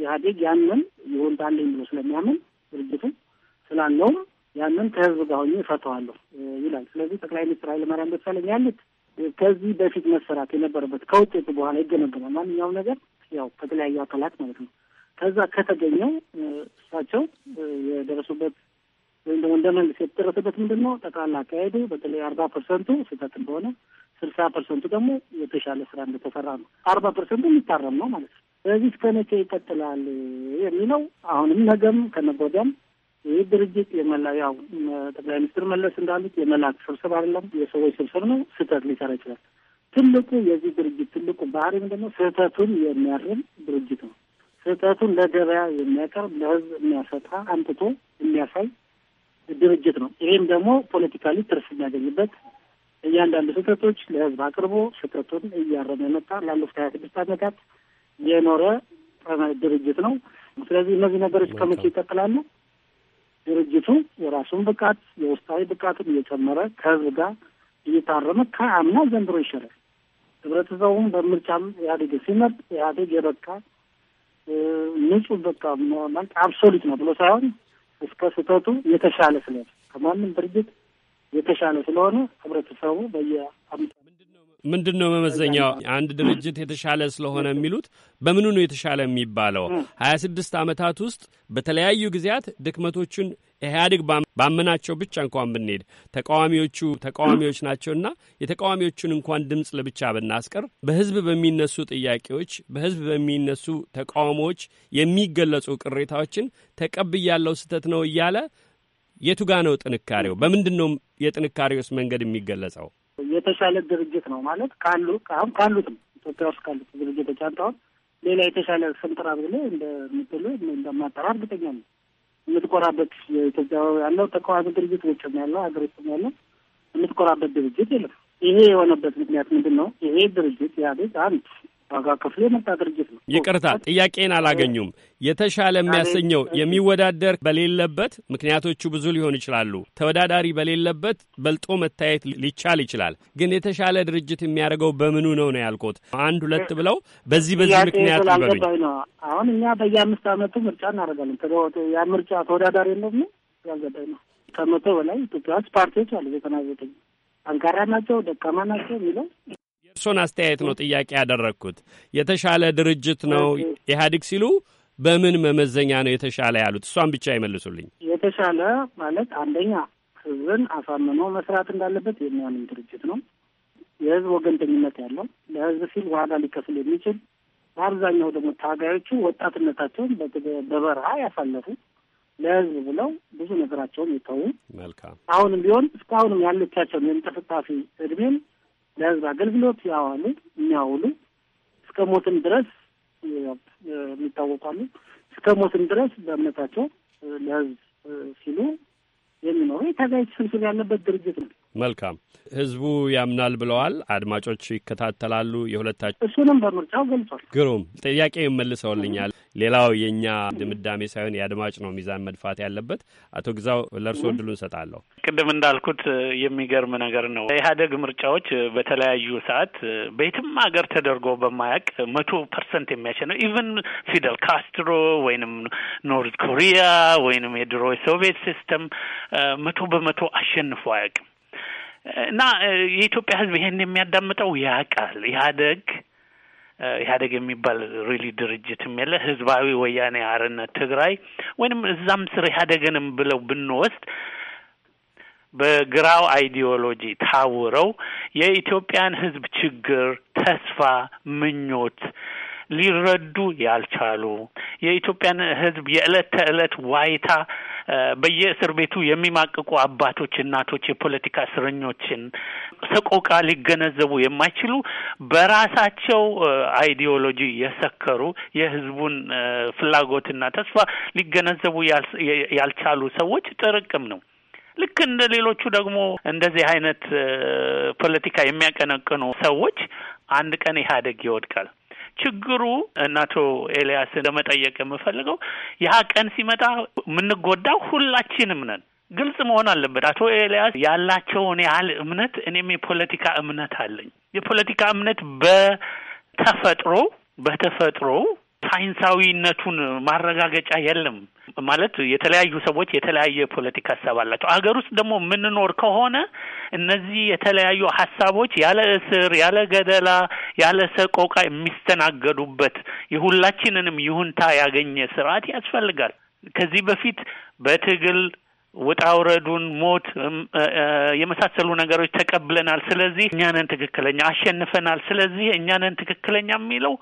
ኢህአዴግ ያንን ይሁንታ አለኝ ብሎ ስለሚያምን ድርጅቱም ስላለውም ያንን ከህዝብ ጋር ሆኜ እፈተዋለሁ ይላል። ስለዚህ ጠቅላይ ሚኒስትር ኃይለማርያም ደሳለኝ ያሉት ከዚህ በፊት መሰራት የነበረበት ከውጤቱ በኋላ ይገመገማል። ማንኛውም ነገር ያው ከተለያዩ አካላት ማለት ነው። ከዛ ከተገኘው እሳቸው የደረሱበት ወይም ደግሞ እንደ መንግስት የተደረሰበት ምንድን ነው? ጠቅላላ አካሄዱ በተለይ አርባ ፐርሰንቱ ስህተት እንደሆነ፣ ስልሳ ፐርሰንቱ ደግሞ የተሻለ ስራ እንደተሰራ ነው። አርባ ፐርሰንቱ የሚታረም ነው ማለት ነው። ስለዚህ እስከ መቼ ይቀጥላል የሚለው አሁንም ነገም ከነገ ወዲያም ይህ ድርጅት የመላ ያው ጠቅላይ ሚኒስትር መለስ እንዳሉት የመላክ ስብስብ አይደለም፣ የሰዎች ስብስብ ነው። ስህተት ሊሰራ ይችላል። ትልቁ የዚህ ድርጅት ትልቁ ባህሪ ምንድን ነው? ስህተቱን የሚያርም ድርጅት ነው። ስህተቱን ለገበያ የሚያቀርብ ለህዝብ የሚያሰጣ አምጥቶ የሚያሳይ ድርጅት ነው። ይህም ደግሞ ፖለቲካሊ ትርፍ የሚያገኝበት እያንዳንዱ ስህተቶች ለህዝብ አቅርቦ ስህተቱን እያረመ የመጣ ላለፉት ሀያ ስድስት አመታት የኖረ ድርጅት ነው። ስለዚህ እነዚህ ነገሮች ከመቼ ይቀጥላሉ? ድርጅቱ የራሱን ብቃት የውስጣዊ ብቃትን እየጨመረ ከህዝብ ጋር እየታረመ ከአምና ዘንድሮ ይሻላል። ህብረተሰቡም በምርጫም ኢህአዴግ ሲመርጥ ኢህአዴግ የበቃ ንጹህ በቃ ማለት አብሶሉት ነው ብሎ ሳይሆን እስከ ስህተቱ የተሻለ ስለሆነ ከማንም ድርጅት የተሻለ ስለሆነ ህብረተሰቡ በየ ምንድን ነው መመዘኛው? አንድ ድርጅት የተሻለ ስለሆነ የሚሉት በምኑ ነው የተሻለ የሚባለው? ሀያ ስድስት ዓመታት ውስጥ በተለያዩ ጊዜያት ድክመቶቹን ኢህአዴግ ባመናቸው ብቻ እንኳን ብንሄድ ተቃዋሚዎቹ ተቃዋሚዎች ናቸውና የተቃዋሚዎቹን እንኳን ድምፅ ለብቻ ብናስቀር በህዝብ በሚነሱ ጥያቄዎች፣ በህዝብ በሚነሱ ተቃውሞዎች የሚገለጹ ቅሬታዎችን ተቀብያለው ስህተት ነው እያለ የቱ ጋ ነው ጥንካሬው? በምንድን ነው የጥንካሬውስ መንገድ የሚገለጸው? የተሻለ ድርጅት ነው ማለት ካሉ አሁን ካሉት ነው ኢትዮጵያ ውስጥ ካሉት ድርጅቶች አንተ ሌላ የተሻለ ስንጥራ ብለ እንደምትሉ እንደማጠራ እርግጠኛ ነው የምትኮራበት ኢትዮጵያ ያለው ተቃዋሚ ድርጅት ውጭም ያለው ሀገር ውስጥም ያለው የምትቆራበት ድርጅት የለም። ይሄ የሆነበት ምክንያት ምንድን ነው? ይሄ ድርጅት ኢህአዴግ አንድ ዋጋ ከፍሎ የመጣ ድርጅት ነው። ይቅርታ ጥያቄን አላገኙም። የተሻለ የሚያሰኘው የሚወዳደር በሌለበት ምክንያቶቹ ብዙ ሊሆን ይችላሉ። ተወዳዳሪ በሌለበት በልጦ መታየት ሊቻል ይችላል። ግን የተሻለ ድርጅት የሚያደርገው በምኑ ነው ነው ያልኩት። አንድ ሁለት ብለው በዚህ በዚህ ምክንያት ይበሉኝ። አሁን እኛ በየአምስት አመቱ ምርጫ እናደርጋለን። ያ ምርጫ ተወዳዳሪ የለውም ነው ያልገባኝ ነው። ከመቶ በላይ ኢትዮጵያ ውስጥ ፓርቲዎች አሉ። ዘጠና ዘጠኝ ጠንካራ ናቸው ደካማ ናቸው የሚለው የእርሶን አስተያየት ነው ጥያቄ ያደረግኩት። የተሻለ ድርጅት ነው ኢህአዴግ ሲሉ በምን መመዘኛ ነው የተሻለ ያሉት? እሷን ብቻ ይመልሱልኝ። የተሻለ ማለት አንደኛ ህዝብን አሳምኖ መስራት እንዳለበት የሚያምን ድርጅት ነው። የህዝብ ወገንተኝነት ያለው ለህዝብ ሲል ዋጋ ሊከፍል የሚችል በአብዛኛው ደግሞ ታጋዮቹ ወጣትነታቸውን በበረሃ ያሳለፉ ለህዝብ ብለው ብዙ ነገራቸውን የተዉ መልካም አሁንም ቢሆን እስካሁንም ያለቻቸውን የእንቅስቃሴ እድሜም ለህዝብ አገልግሎት ያዋሉ የሚያውሉ እስከ ሞትም ድረስ የሚታወቋሉ እስከ ሞትም ድረስ በእምነታቸው ለህዝብ ሲሉ የሚኖሩ የታጋይ ስብስብ ያለበት ድርጅት ነው። መልካም ህዝቡ ያምናል ብለዋል። አድማጮች ይከታተላሉ። የሁለታቸው እሱንም በምርጫው ገልጿል። ግሩም ጥያቄ መልሰውልኛል። ሌላው የእኛ ድምዳሜ ሳይሆን የአድማጭ ነው ሚዛን መድፋት ያለበት። አቶ ግዛው ለእርሶ እድሉ እንሰጣለሁ። ቅድም እንዳልኩት የሚገርም ነገር ነው። ኢህአዴግ ምርጫዎች በተለያዩ ሰዓት በየትም ሀገር ተደርጎ በማያውቅ መቶ ፐርሰንት የሚያሸንፍ ኢቨን ፊደል ካስትሮ ወይንም ኖርዝ ኮሪያ ወይንም የድሮ ሶቪየት ሲስተም መቶ በመቶ አሸንፎ አያውቅም። እና የኢትዮጵያ ሕዝብ ይሄን የሚያዳምጠው ያውቃል። ኢህአደግ ኢህአደግ የሚባል ሪሊ ድርጅትም የለ ህዝባዊ ወያኔ አርነት ትግራይ ወይንም እዛም ስር ኢህአደግንም ብለው ብንወስድ በግራው አይዲዮሎጂ ታውረው የኢትዮጵያን ህዝብ ችግር፣ ተስፋ፣ ምኞት ሊረዱ ያልቻሉ የኢትዮጵያን ሕዝብ የዕለት ተዕለት ዋይታ በየእስር ቤቱ የሚማቅቁ አባቶች፣ እናቶች፣ የፖለቲካ እስረኞችን ሰቆቃ ሊገነዘቡ የማይችሉ በራሳቸው አይዲዮሎጂ የሰከሩ የህዝቡን ፍላጎትና ተስፋ ሊገነዘቡ ያልቻሉ ሰዎች ጥርቅም ነው። ልክ እንደ ሌሎቹ ደግሞ እንደዚህ አይነት ፖለቲካ የሚያቀነቅኑ ሰዎች አንድ ቀን ኢህአዴግ ይወድቃል። ችግሩ እናቶ ኤልያስን ለመጠየቅ የምፈልገው ያ ቀን ሲመጣ የምንጎዳው ሁላችንም ነን። ግልጽ መሆን አለበት። አቶ ኤልያስ ያላቸውን ያህል እምነት እኔም የፖለቲካ እምነት አለኝ። የፖለቲካ እምነት በተፈጥሮ በተፈጥሮ ሳይንሳዊነቱን ማረጋገጫ የለም። ማለት የተለያዩ ሰዎች የተለያየ ፖለቲካ ሀሳብ አላቸው። አገር ውስጥ ደግሞ የምንኖር ከሆነ እነዚህ የተለያዩ ሀሳቦች ያለ እስር፣ ያለ ገደላ፣ ያለ ሰቆቃ የሚስተናገዱበት የሁላችንንም ይሁንታ ያገኘ ስርዓት ያስፈልጋል። ከዚህ በፊት በትግል ውጣ ውረዱን፣ ሞት የመሳሰሉ ነገሮች ተቀብለናል። ስለዚህ እኛንን ትክክለኛ አሸንፈናል። ስለዚህ እኛንን ትክክለኛ የሚለው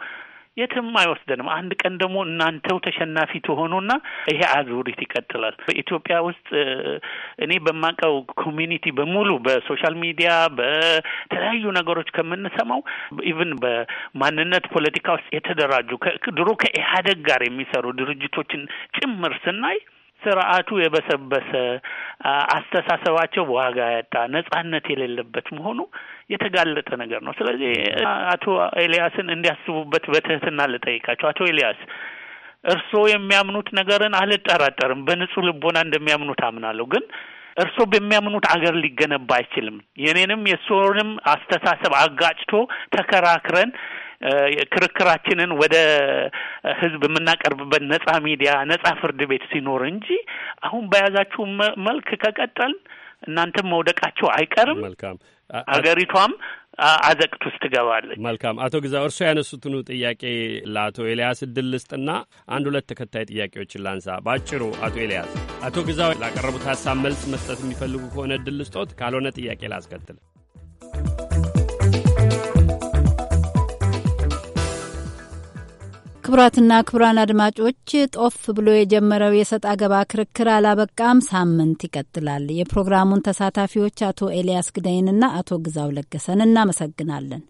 የትም አይወስደንም። አንድ ቀን ደግሞ እናንተው ተሸናፊ ትሆኑና ይሄ አዙሪት ይቀጥላል። በኢትዮጵያ ውስጥ እኔ በማውቀው ኮሚኒቲ በሙሉ በሶሻል ሚዲያ በተለያዩ ነገሮች ከምንሰማው ኢቭን በማንነት ፖለቲካ ውስጥ የተደራጁ ድሮ ከኢህአዴግ ጋር የሚሰሩ ድርጅቶችን ጭምር ስናይ ስርዓቱ የበሰበሰ አስተሳሰባቸው ዋጋ ያጣ ነጻነት የሌለበት መሆኑ የተጋለጠ ነገር ነው። ስለዚህ አቶ ኤልያስን እንዲያስቡበት በትህትና ልጠይቃቸው። አቶ ኤልያስ እርስዎ የሚያምኑት ነገርን አልጠራጠርም፣ በንጹህ ልቦና እንደሚያምኑት አምናለሁ። ግን እርስዎ በሚያምኑት አገር ሊገነባ አይችልም። የኔንም የእርስዎንም አስተሳሰብ አጋጭቶ ተከራክረን ክርክራችንን ወደ ህዝብ የምናቀርብበት ነጻ ሚዲያ፣ ነጻ ፍርድ ቤት ሲኖር እንጂ አሁን በያዛችሁ መልክ ከቀጠል እናንተም መውደቃቸው አይቀርም። መልካም አገሪቷም አዘቅት ውስጥ ትገባለች። መልካም አቶ ግዛው እርሶ ያነሱትኑ ጥያቄ ለአቶ ኤልያስ እድል ልስጥና አንድ ሁለት ተከታይ ጥያቄዎችን ላንሳ ባጭሩ። አቶ ኤልያስ አቶ ግዛው ላቀረቡት ሀሳብ መልስ መስጠት የሚፈልጉ ከሆነ እድል ልስጦት፣ ካልሆነ ጥያቄ ላስከትል። ክቡራትና ክቡራን አድማጮች ጦፍ ብሎ የጀመረው የሰጥ አገባ ክርክር አላበቃም፣ ሳምንት ይቀጥላል። የፕሮግራሙን ተሳታፊዎች አቶ ኤልያስ ግዳይንና አቶ ግዛው ለገሰን እናመሰግናለን።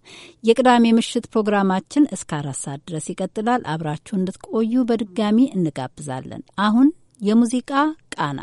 የቅዳሜ ምሽት ፕሮግራማችን እስከ አራት ሰዓት ድረስ ይቀጥላል። አብራችሁ እንድትቆዩ በድጋሚ እንጋብዛለን። አሁን የሙዚቃ ቃና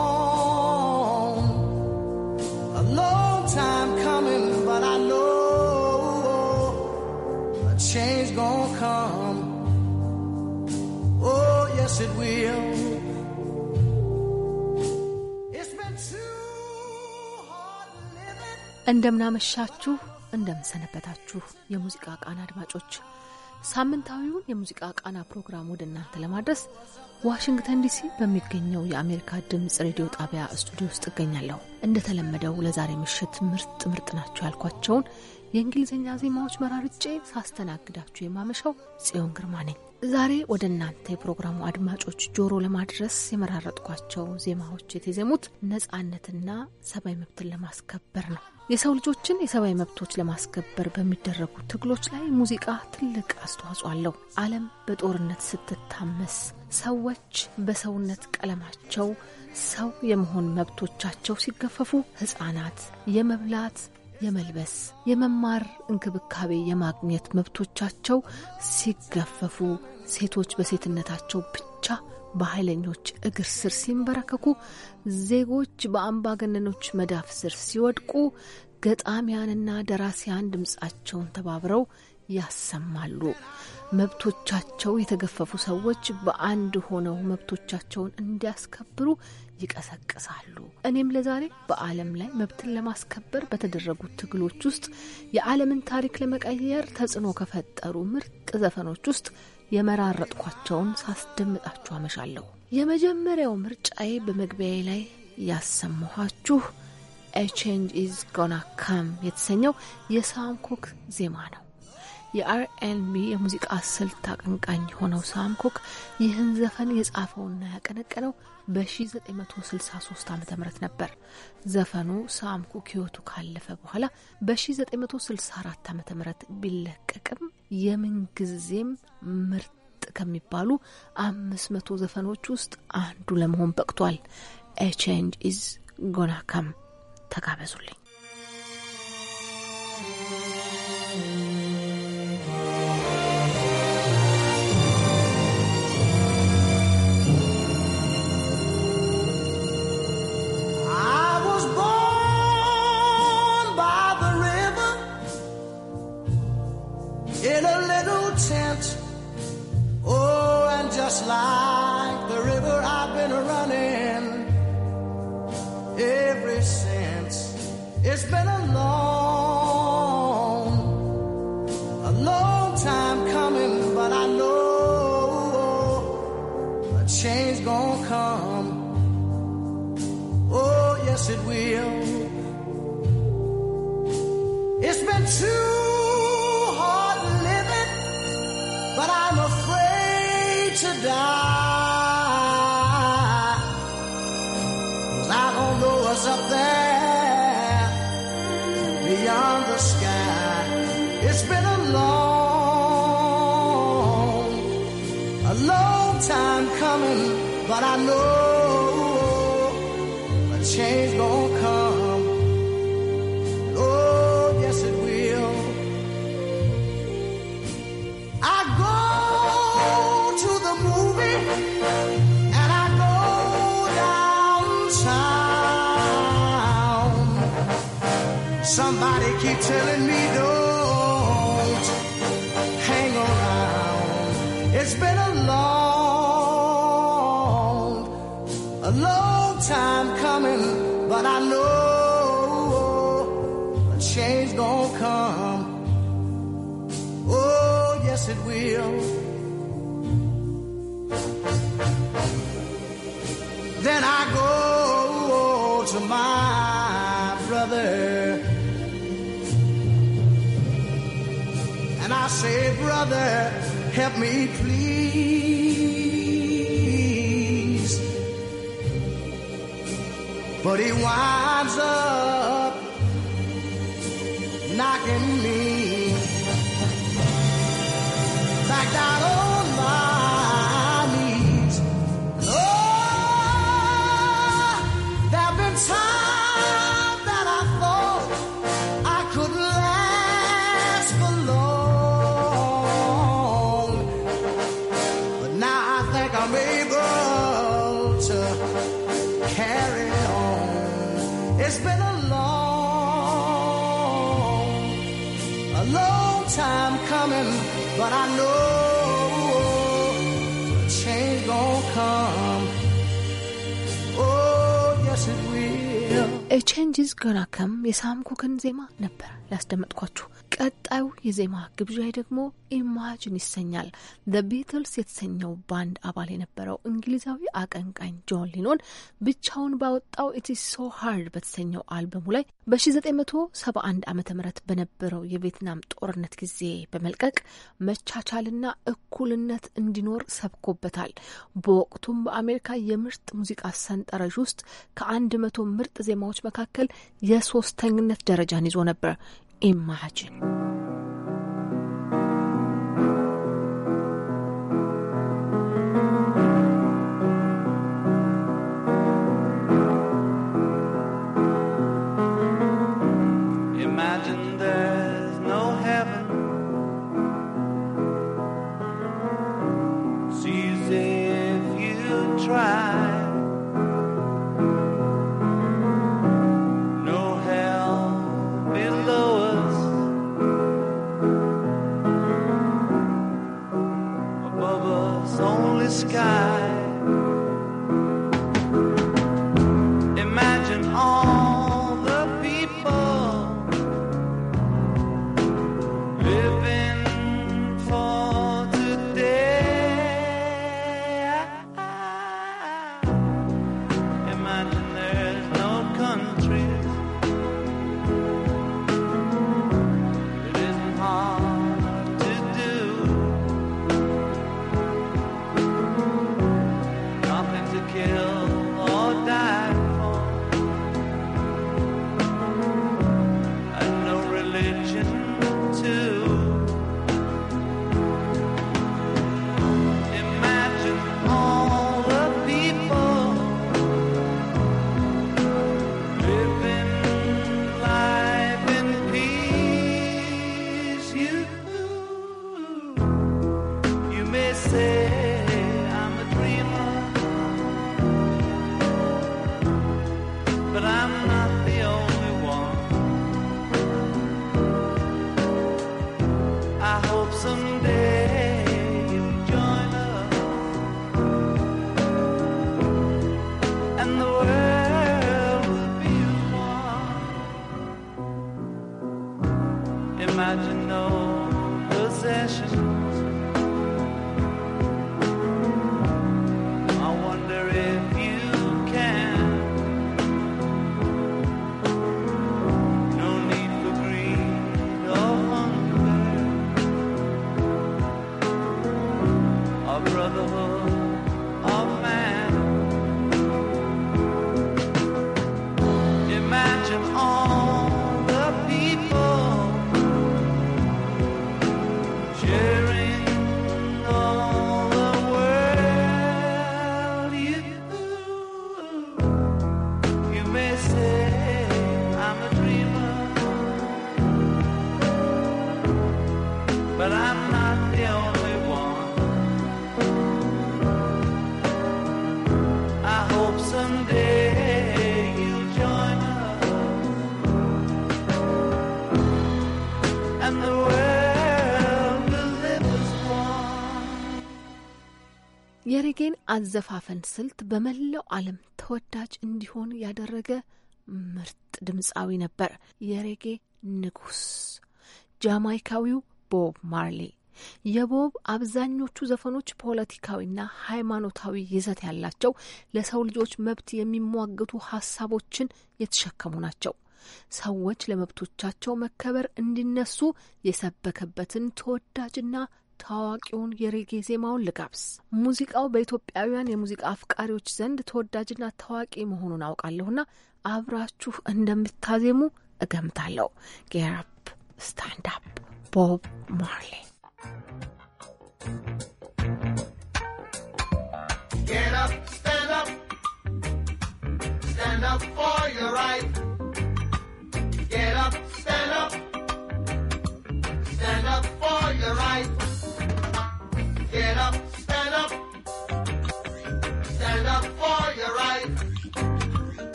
it will. እንደምናመሻችሁ እንደምንሰነበታችሁ የሙዚቃ ቃና አድማጮች ሳምንታዊውን የሙዚቃ ቃና ፕሮግራም ወደ እናንተ ለማድረስ ዋሽንግተን ዲሲ በሚገኘው የአሜሪካ ድምፅ ሬዲዮ ጣቢያ ስቱዲዮ ውስጥ እገኛለሁ። እንደተለመደው ለዛሬ ምሽት ምርጥ ምርጥ ናቸው ያልኳቸውን የእንግሊዝኛ ዜማዎች መራርጬ ሳስተናግዳችሁ የማመሻው ጽዮን ግርማ ነኝ። ዛሬ ወደ እናንተ የፕሮግራሙ አድማጮች ጆሮ ለማድረስ የመራረጥኳቸው ዜማዎች የተዜሙት ነጻነትና ሰብአዊ መብትን ለማስከበር ነው። የሰው ልጆችን የሰብአዊ መብቶች ለማስከበር በሚደረጉ ትግሎች ላይ ሙዚቃ ትልቅ አስተዋጽኦ አለው። ዓለም በጦርነት ስትታመስ፣ ሰዎች በሰውነት ቀለማቸው ሰው የመሆን መብቶቻቸው ሲገፈፉ፣ ሕፃናት የመብላት የመልበስ፣ የመማር፣ እንክብካቤ የማግኘት መብቶቻቸው ሲገፈፉ፣ ሴቶች በሴትነታቸው ብቻ በኃይለኞች እግር ስር ሲንበረከኩ፣ ዜጎች በአምባገነኖች መዳፍ ስር ሲወድቁ፣ ገጣሚያንና ደራሲያን ድምፃቸውን ተባብረው ያሰማሉ። መብቶቻቸው የተገፈፉ ሰዎች በአንድ ሆነው መብቶቻቸውን እንዲያስከብሩ ይቀሰቅሳሉ። እኔም ለዛሬ በዓለም ላይ መብትን ለማስከበር በተደረጉ ትግሎች ውስጥ የዓለምን ታሪክ ለመቀየር ተጽዕኖ ከፈጠሩ ምርጥ ዘፈኖች ውስጥ የመራረጥኳቸውን ሳስደምጣችሁ አመሻለሁ። የመጀመሪያው ምርጫዬ በመግቢያዬ ላይ ያሰማኋችሁ ኤ ቼንጅ ኢዝ ጎና ካም የተሰኘው የሳምኮክ ዜማ ነው። የአርኤንቢ የሙዚቃ ስልት አቀንቃኝ የሆነው ሳም ይህን ዘፈን የጻፈውና ያቀነቀነው በ1963 ዓ ም ነበር። ዘፈኑ ሳም ኩክ ሕይወቱ ካለፈ በኋላ በ1964 ዓ ም ቢለቀቅም የምንጊዜም ምርጥ ከሚባሉ 500 ዘፈኖች ውስጥ አንዱ ለመሆን በቅቷል። ኤ ቼንጅ ኢዝ ጎና ካም ተጋበዙልኝ። tent. Oh, and just like the river, I've been running ever since. It's been a long, a long time coming, but I know a change gonna come. Oh, yes, it will. But I know a change gonna come. oh, yes, it will. I go to the movie and I go downtown. Somebody keep telling me though. Father, help me please. But he winds up. ኤ ቼንጅ ኢዝ ገና ከም የሳም ኩክን ዜማ ነበር ያስደመጥኳችሁ። ቀጣዩ የዜማ ግብዣ ደግሞ ኢማጅን ይሰኛል። ዘ ቢትልስ የተሰኘው ባንድ አባል የነበረው እንግሊዛዊ አቀንቃኝ ጆን ሊኖን ብቻውን ባወጣው ኢቲ ሶ ሃርድ በተሰኘው አልበሙ ላይ በ1971 ዓ ም በነበረው የቪየትናም ጦርነት ጊዜ በመልቀቅ መቻቻልና እኩልነት እንዲኖር ሰብኮበታል። በወቅቱም በአሜሪካ የምርጥ ሙዚቃ ሰንጠረዥ ውስጥ ከአንድ መቶ ምርጥ ዜማዎች መካከል የሶስተኝነት ደረጃን ይዞ ነበር። imagem. God. አዘፋፈን ስልት በመላው ዓለም ተወዳጅ እንዲሆን ያደረገ ምርጥ ድምፃዊ ነበር። የሬጌ ንጉስ ጃማይካዊው ቦብ ማርሌ የቦብ አብዛኞቹ ዘፈኖች ፖለቲካዊና ሃይማኖታዊ ይዘት ያላቸው፣ ለሰው ልጆች መብት የሚሟግቱ ሀሳቦችን የተሸከሙ ናቸው። ሰዎች ለመብቶቻቸው መከበር እንዲነሱ የሰበከበትን ተወዳጅና ታዋቂውን የሬጌ ዜማውን ልጋብስ። ሙዚቃው በኢትዮጵያውያን የሙዚቃ አፍቃሪዎች ዘንድ ተወዳጅና ታዋቂ መሆኑን አውቃለሁና አብራችሁ እንደምታዜሙ እገምታለሁ። ጌራፕ ስታንዳፕ ቦብ ማርሌ Get up, stand up, stand up for your right. Get up.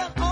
Oh.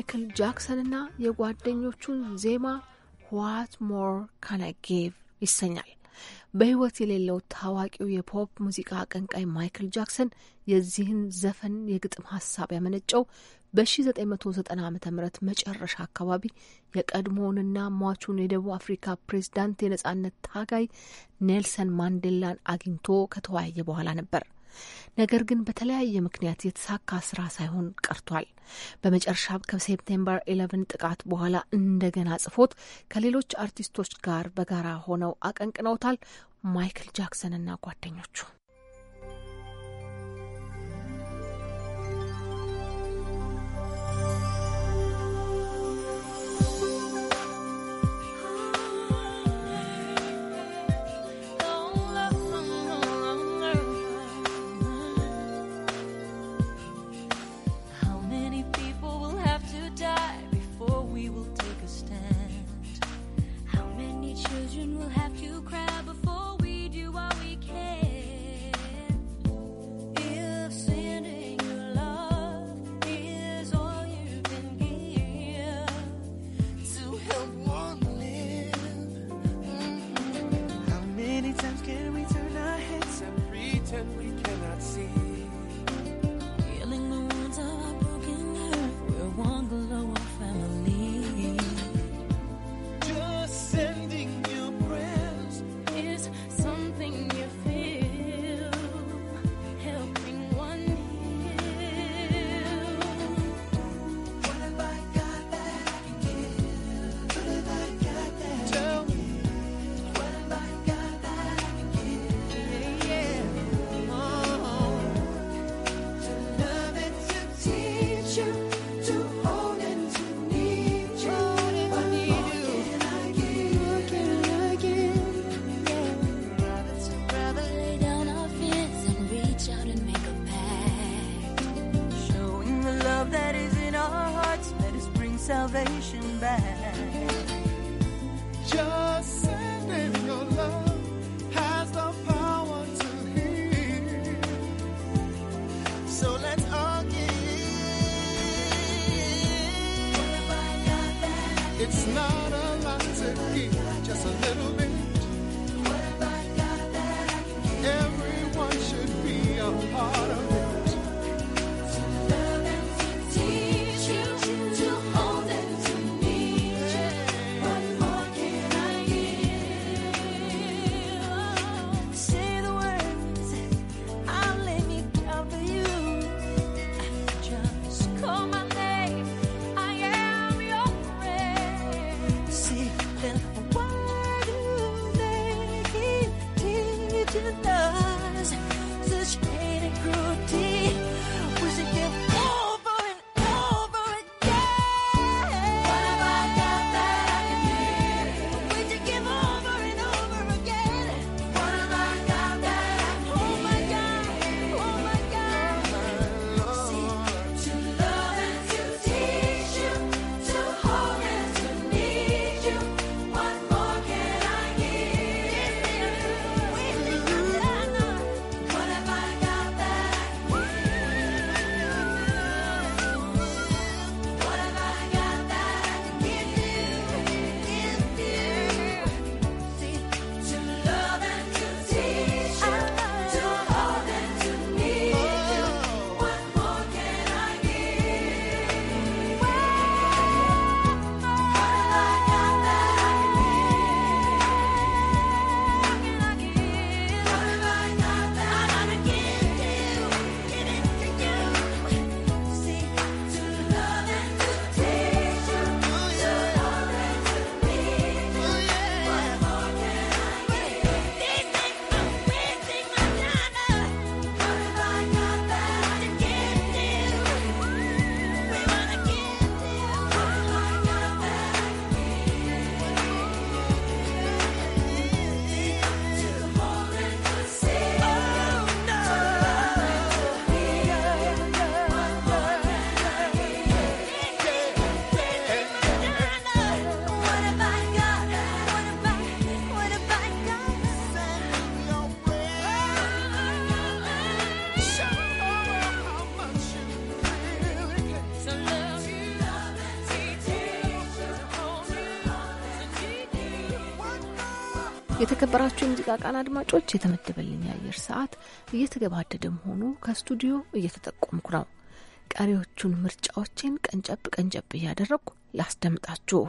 የማይክል ጃክሰንና የጓደኞቹን ዜማ ዋት ሞር ካን አይ ጊቭ ይሰኛል። በሕይወት የሌለው ታዋቂው የፖፕ ሙዚቃ አቀንቃይ ማይክል ጃክሰን የዚህን ዘፈን የግጥም ሀሳብ ያመነጨው በ1990 ዓ ም መጨረሻ አካባቢ የቀድሞውንና ሟቹን የደቡብ አፍሪካ ፕሬዝዳንት የነጻነት ታጋይ ኔልሰን ማንዴላን አግኝቶ ከተወያየ በኋላ ነበር። ነገር ግን በተለያየ ምክንያት የተሳካ ስራ ሳይሆን ቀርቷል። በመጨረሻም ከሴፕቴምበር ኤለቨን ጥቃት በኋላ እንደገና ጽፎት ከሌሎች አርቲስቶች ጋር በጋራ ሆነው አቀንቅነውታል ማይክል ጃክሰን እና ጓደኞቹ የተከበራችሁ የሙዚቃ ቃና አድማጮች የተመደበልኝ የአየር ሰዓት እየተገባደደ መሆኑ ከስቱዲዮ እየተጠቆምኩ ነው። ቀሪዎቹን ምርጫዎቼን ቀንጨብ ቀንጨብ እያደረግኩ ላስደምጣችሁ።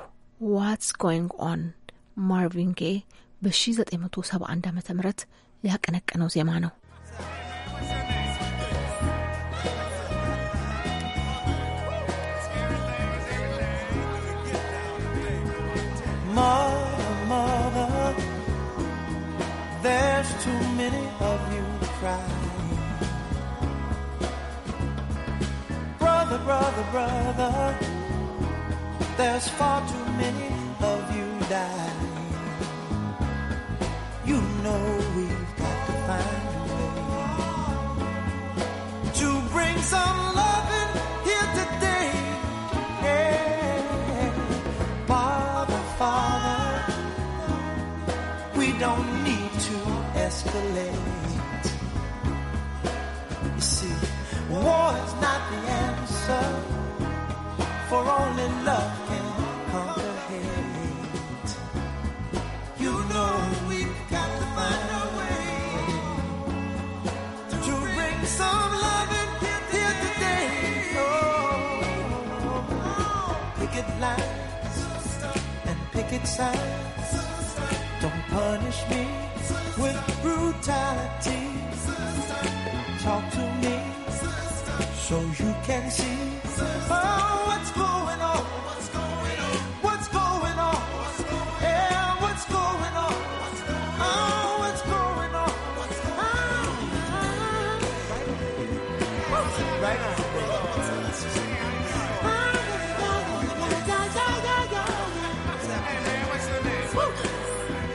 ዋትስ ጎይንግ ኦን ማርቪን ጌይ በ1971 ዓ ም ያቀነቀነው ዜማ ነው። brother, brother, there's far too many of you dying. You know we've got to find a way to bring some loving here today. Yeah. Father, Father, we don't need to escalate. You see, war is not the end answer, for only love can conquer hate. You know we've got to find a way to, to bring, bring some love in here, here today. Oh, oh. picket lines and picket signs. Don't punish me with brutality. Talk to me so you can see oh, what's going on. What's going on? What's going on? Yeah, what's going on? Oh, what's going on? right now.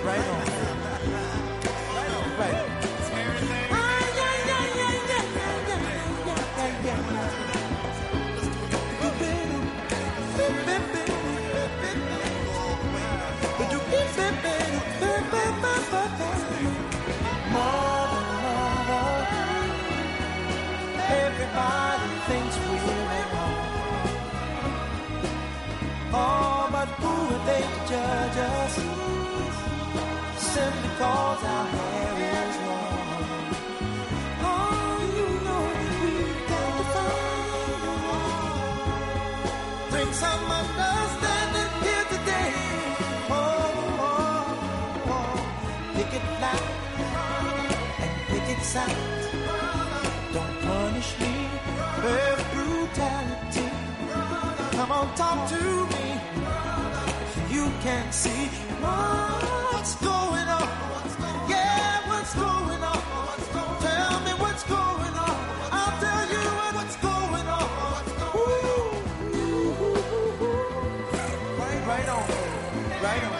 Right Right on. Just simply cause our hair is long. Oh, you know we've got to find a way. Bring some understanding here today. Oh, oh, oh. pick it loud and pick it sound. Don't punish me with brutality. Come on, talk to me can not see what's going on. Yeah, what's going on? Tell me what's going on. I'll tell you what's going on. Ooh. Right, right on. Right on.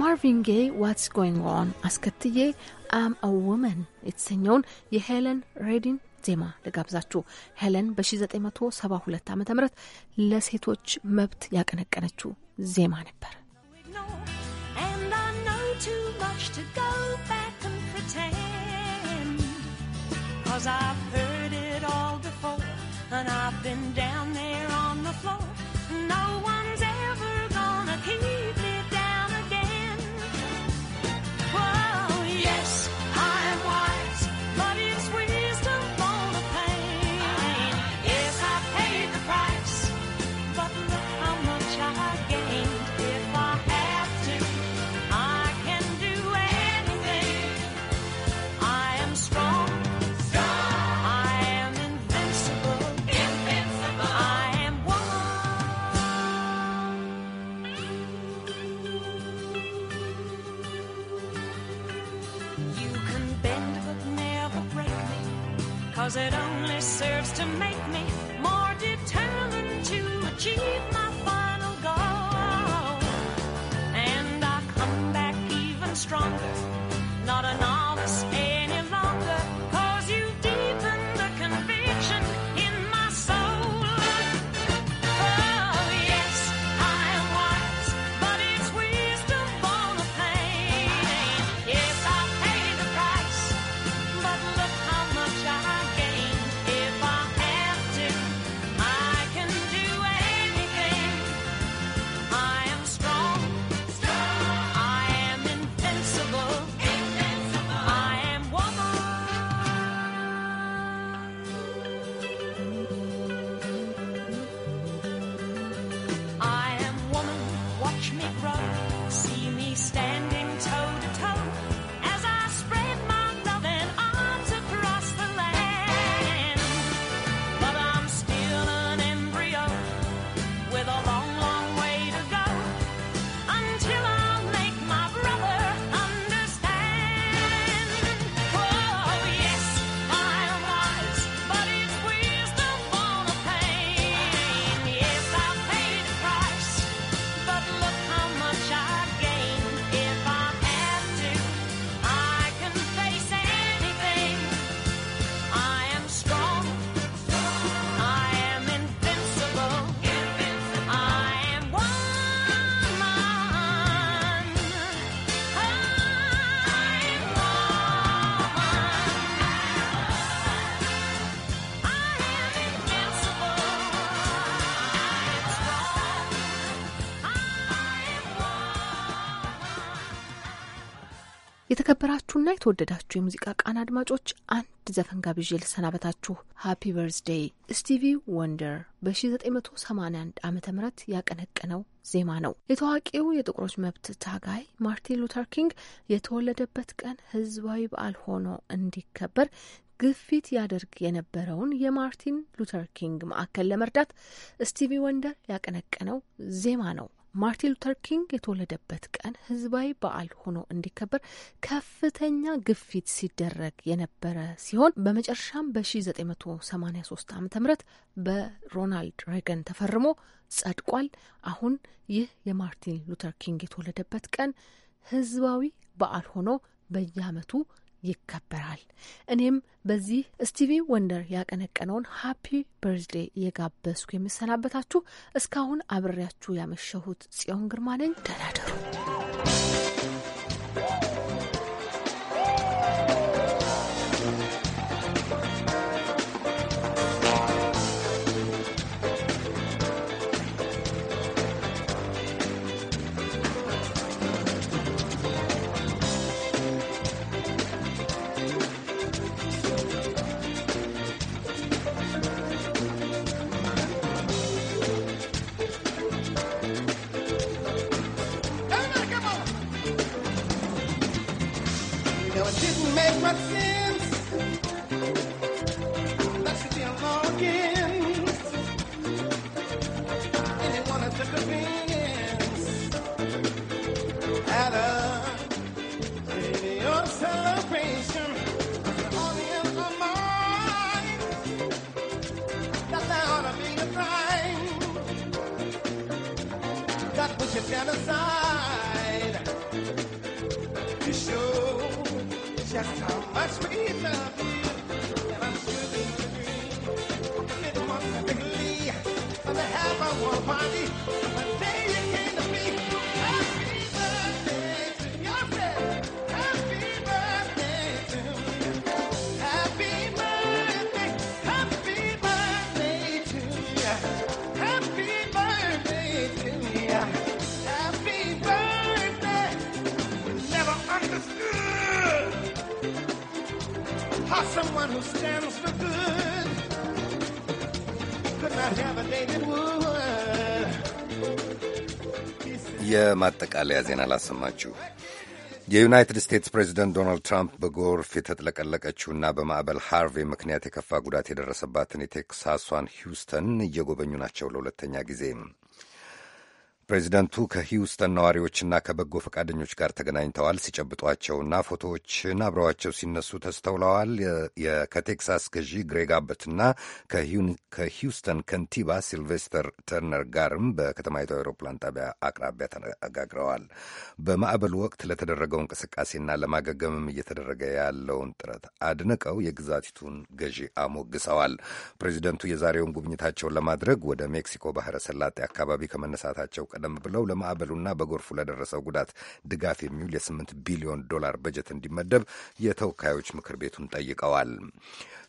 ማርቪን ጌይ ዋትስ ጎይንግ ኦን አስከትዬ አም አ ውመን የተሰኘውን የሄለን ሬዲን ዜማ ልጋብዛችሁ። ሄለን በ1972 ዓ ም ለሴቶች መብት ያቀነቀነችው ዜማ ነበር። Cause I've የተከበራችሁና የተወደዳችሁ የሙዚቃ ቃና አድማጮች አንድ ዘፈን ጋብዤ ልሰናበታችሁ። ሃፒ በርዝዴይ ስቲቪ ወንደር በ1981 ዓ ም ያቀነቀነው ዜማ ነው። የታዋቂው የጥቁሮች መብት ታጋይ ማርቲን ሉተር ኪንግ የተወለደበት ቀን ህዝባዊ በዓል ሆኖ እንዲከበር ግፊት ያደርግ የነበረውን የማርቲን ሉተር ኪንግ ማዕከል ለመርዳት ስቲቪ ወንደር ያቀነቀነው ዜማ ነው። ማርቲን ሉተር ኪንግ የተወለደበት ቀን ህዝባዊ በዓል ሆኖ እንዲከበር ከፍተኛ ግፊት ሲደረግ የነበረ ሲሆን በመጨረሻም በ1983 ዓ ም በሮናልድ ሬገን ተፈርሞ ጸድቋል። አሁን ይህ የማርቲን ሉተር ኪንግ የተወለደበት ቀን ህዝባዊ በዓል ሆኖ በየአመቱ ። ይከበራል። እኔም በዚህ ስቲቪ ወንደር ያቀነቀነውን ሀፒ በርዝዴ እየጋበዝኩ የምሰናበታችሁ እስካሁን አብሬያችሁ ያመሸሁት ጽዮን ግርማ ነኝ። ደህና ደሩ። የማጠቃለያ ዜና ላሰማችሁ። የዩናይትድ ስቴትስ ፕሬዚደንት ዶናልድ ትራምፕ በጎርፍ የተጥለቀለቀችውና በማዕበል ሃርቬ ምክንያት የከፋ ጉዳት የደረሰባትን የቴክሳሷን ሂውስተን እየጎበኙ ናቸው ለሁለተኛ ጊዜ። ፕሬዚደንቱ ከሂውስተን ነዋሪዎችና ከበጎ ፈቃደኞች ጋር ተገናኝተዋል። ሲጨብጧቸውና ፎቶዎችን አብረዋቸው ሲነሱ ተስተውለዋል። ከቴክሳስ ገዢ ግሬግ አበትና ከሂውስተን ከንቲባ ሲልቬስተር ተርነር ጋርም በከተማይቱ አውሮፕላን ጣቢያ አቅራቢያ ተነጋግረዋል። በማዕበሉ ወቅት ለተደረገው እንቅስቃሴና ለማገገምም እየተደረገ ያለውን ጥረት አድንቀው የግዛቲቱን ገዢ አሞግሰዋል። ፕሬዚደንቱ የዛሬውን ጉብኝታቸውን ለማድረግ ወደ ሜክሲኮ ባህረ ሰላጤ አካባቢ ከመነሳታቸው ቀደም ብለው ለማዕበሉና በጎርፉ ለደረሰው ጉዳት ድጋፍ የሚውል የ8 ቢሊዮን ዶላር በጀት እንዲመደብ የተወካዮች ምክር ቤቱን ጠይቀዋል።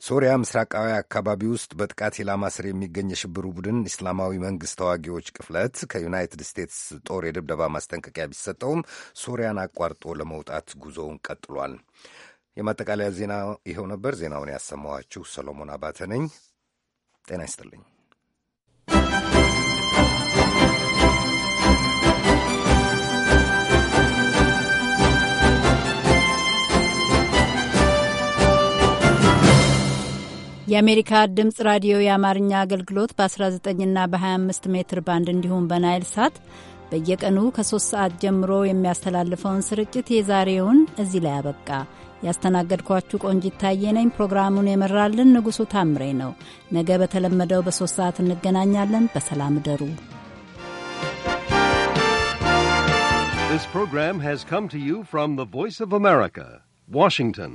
ሶሪያ ምስራቃዊ አካባቢ ውስጥ በጥቃት ኢላማ ስር የሚገኝ የሽብሩ ቡድን እስላማዊ መንግስት ተዋጊዎች ቅፍለት ከዩናይትድ ስቴትስ ጦር የድብደባ ማስጠንቀቂያ ቢሰጠውም ሶሪያን አቋርጦ ለመውጣት ጉዞውን ቀጥሏል። የማጠቃለያ ዜና ይኸው ነበር። ዜናውን ያሰማኋችሁ ሰሎሞን አባተ ነኝ። ጤና ይስጥልኝ። የአሜሪካ ድምፅ ራዲዮ የአማርኛ አገልግሎት በ19ና በ25 ሜትር ባንድ እንዲሁም በናይል ሳት በየቀኑ ከሶስት ሰዓት ጀምሮ የሚያስተላልፈውን ስርጭት የዛሬውን እዚህ ላይ አበቃ። ያስተናገድኳችሁ ቆንጂት ታዬ ነኝ። ፕሮግራሙን የመራልን ንጉሱ ታምሬ ነው። ነገ በተለመደው በሶስት ሰዓት እንገናኛለን። በሰላም እደሩ። This program has come to you from the Voice of America, Washington.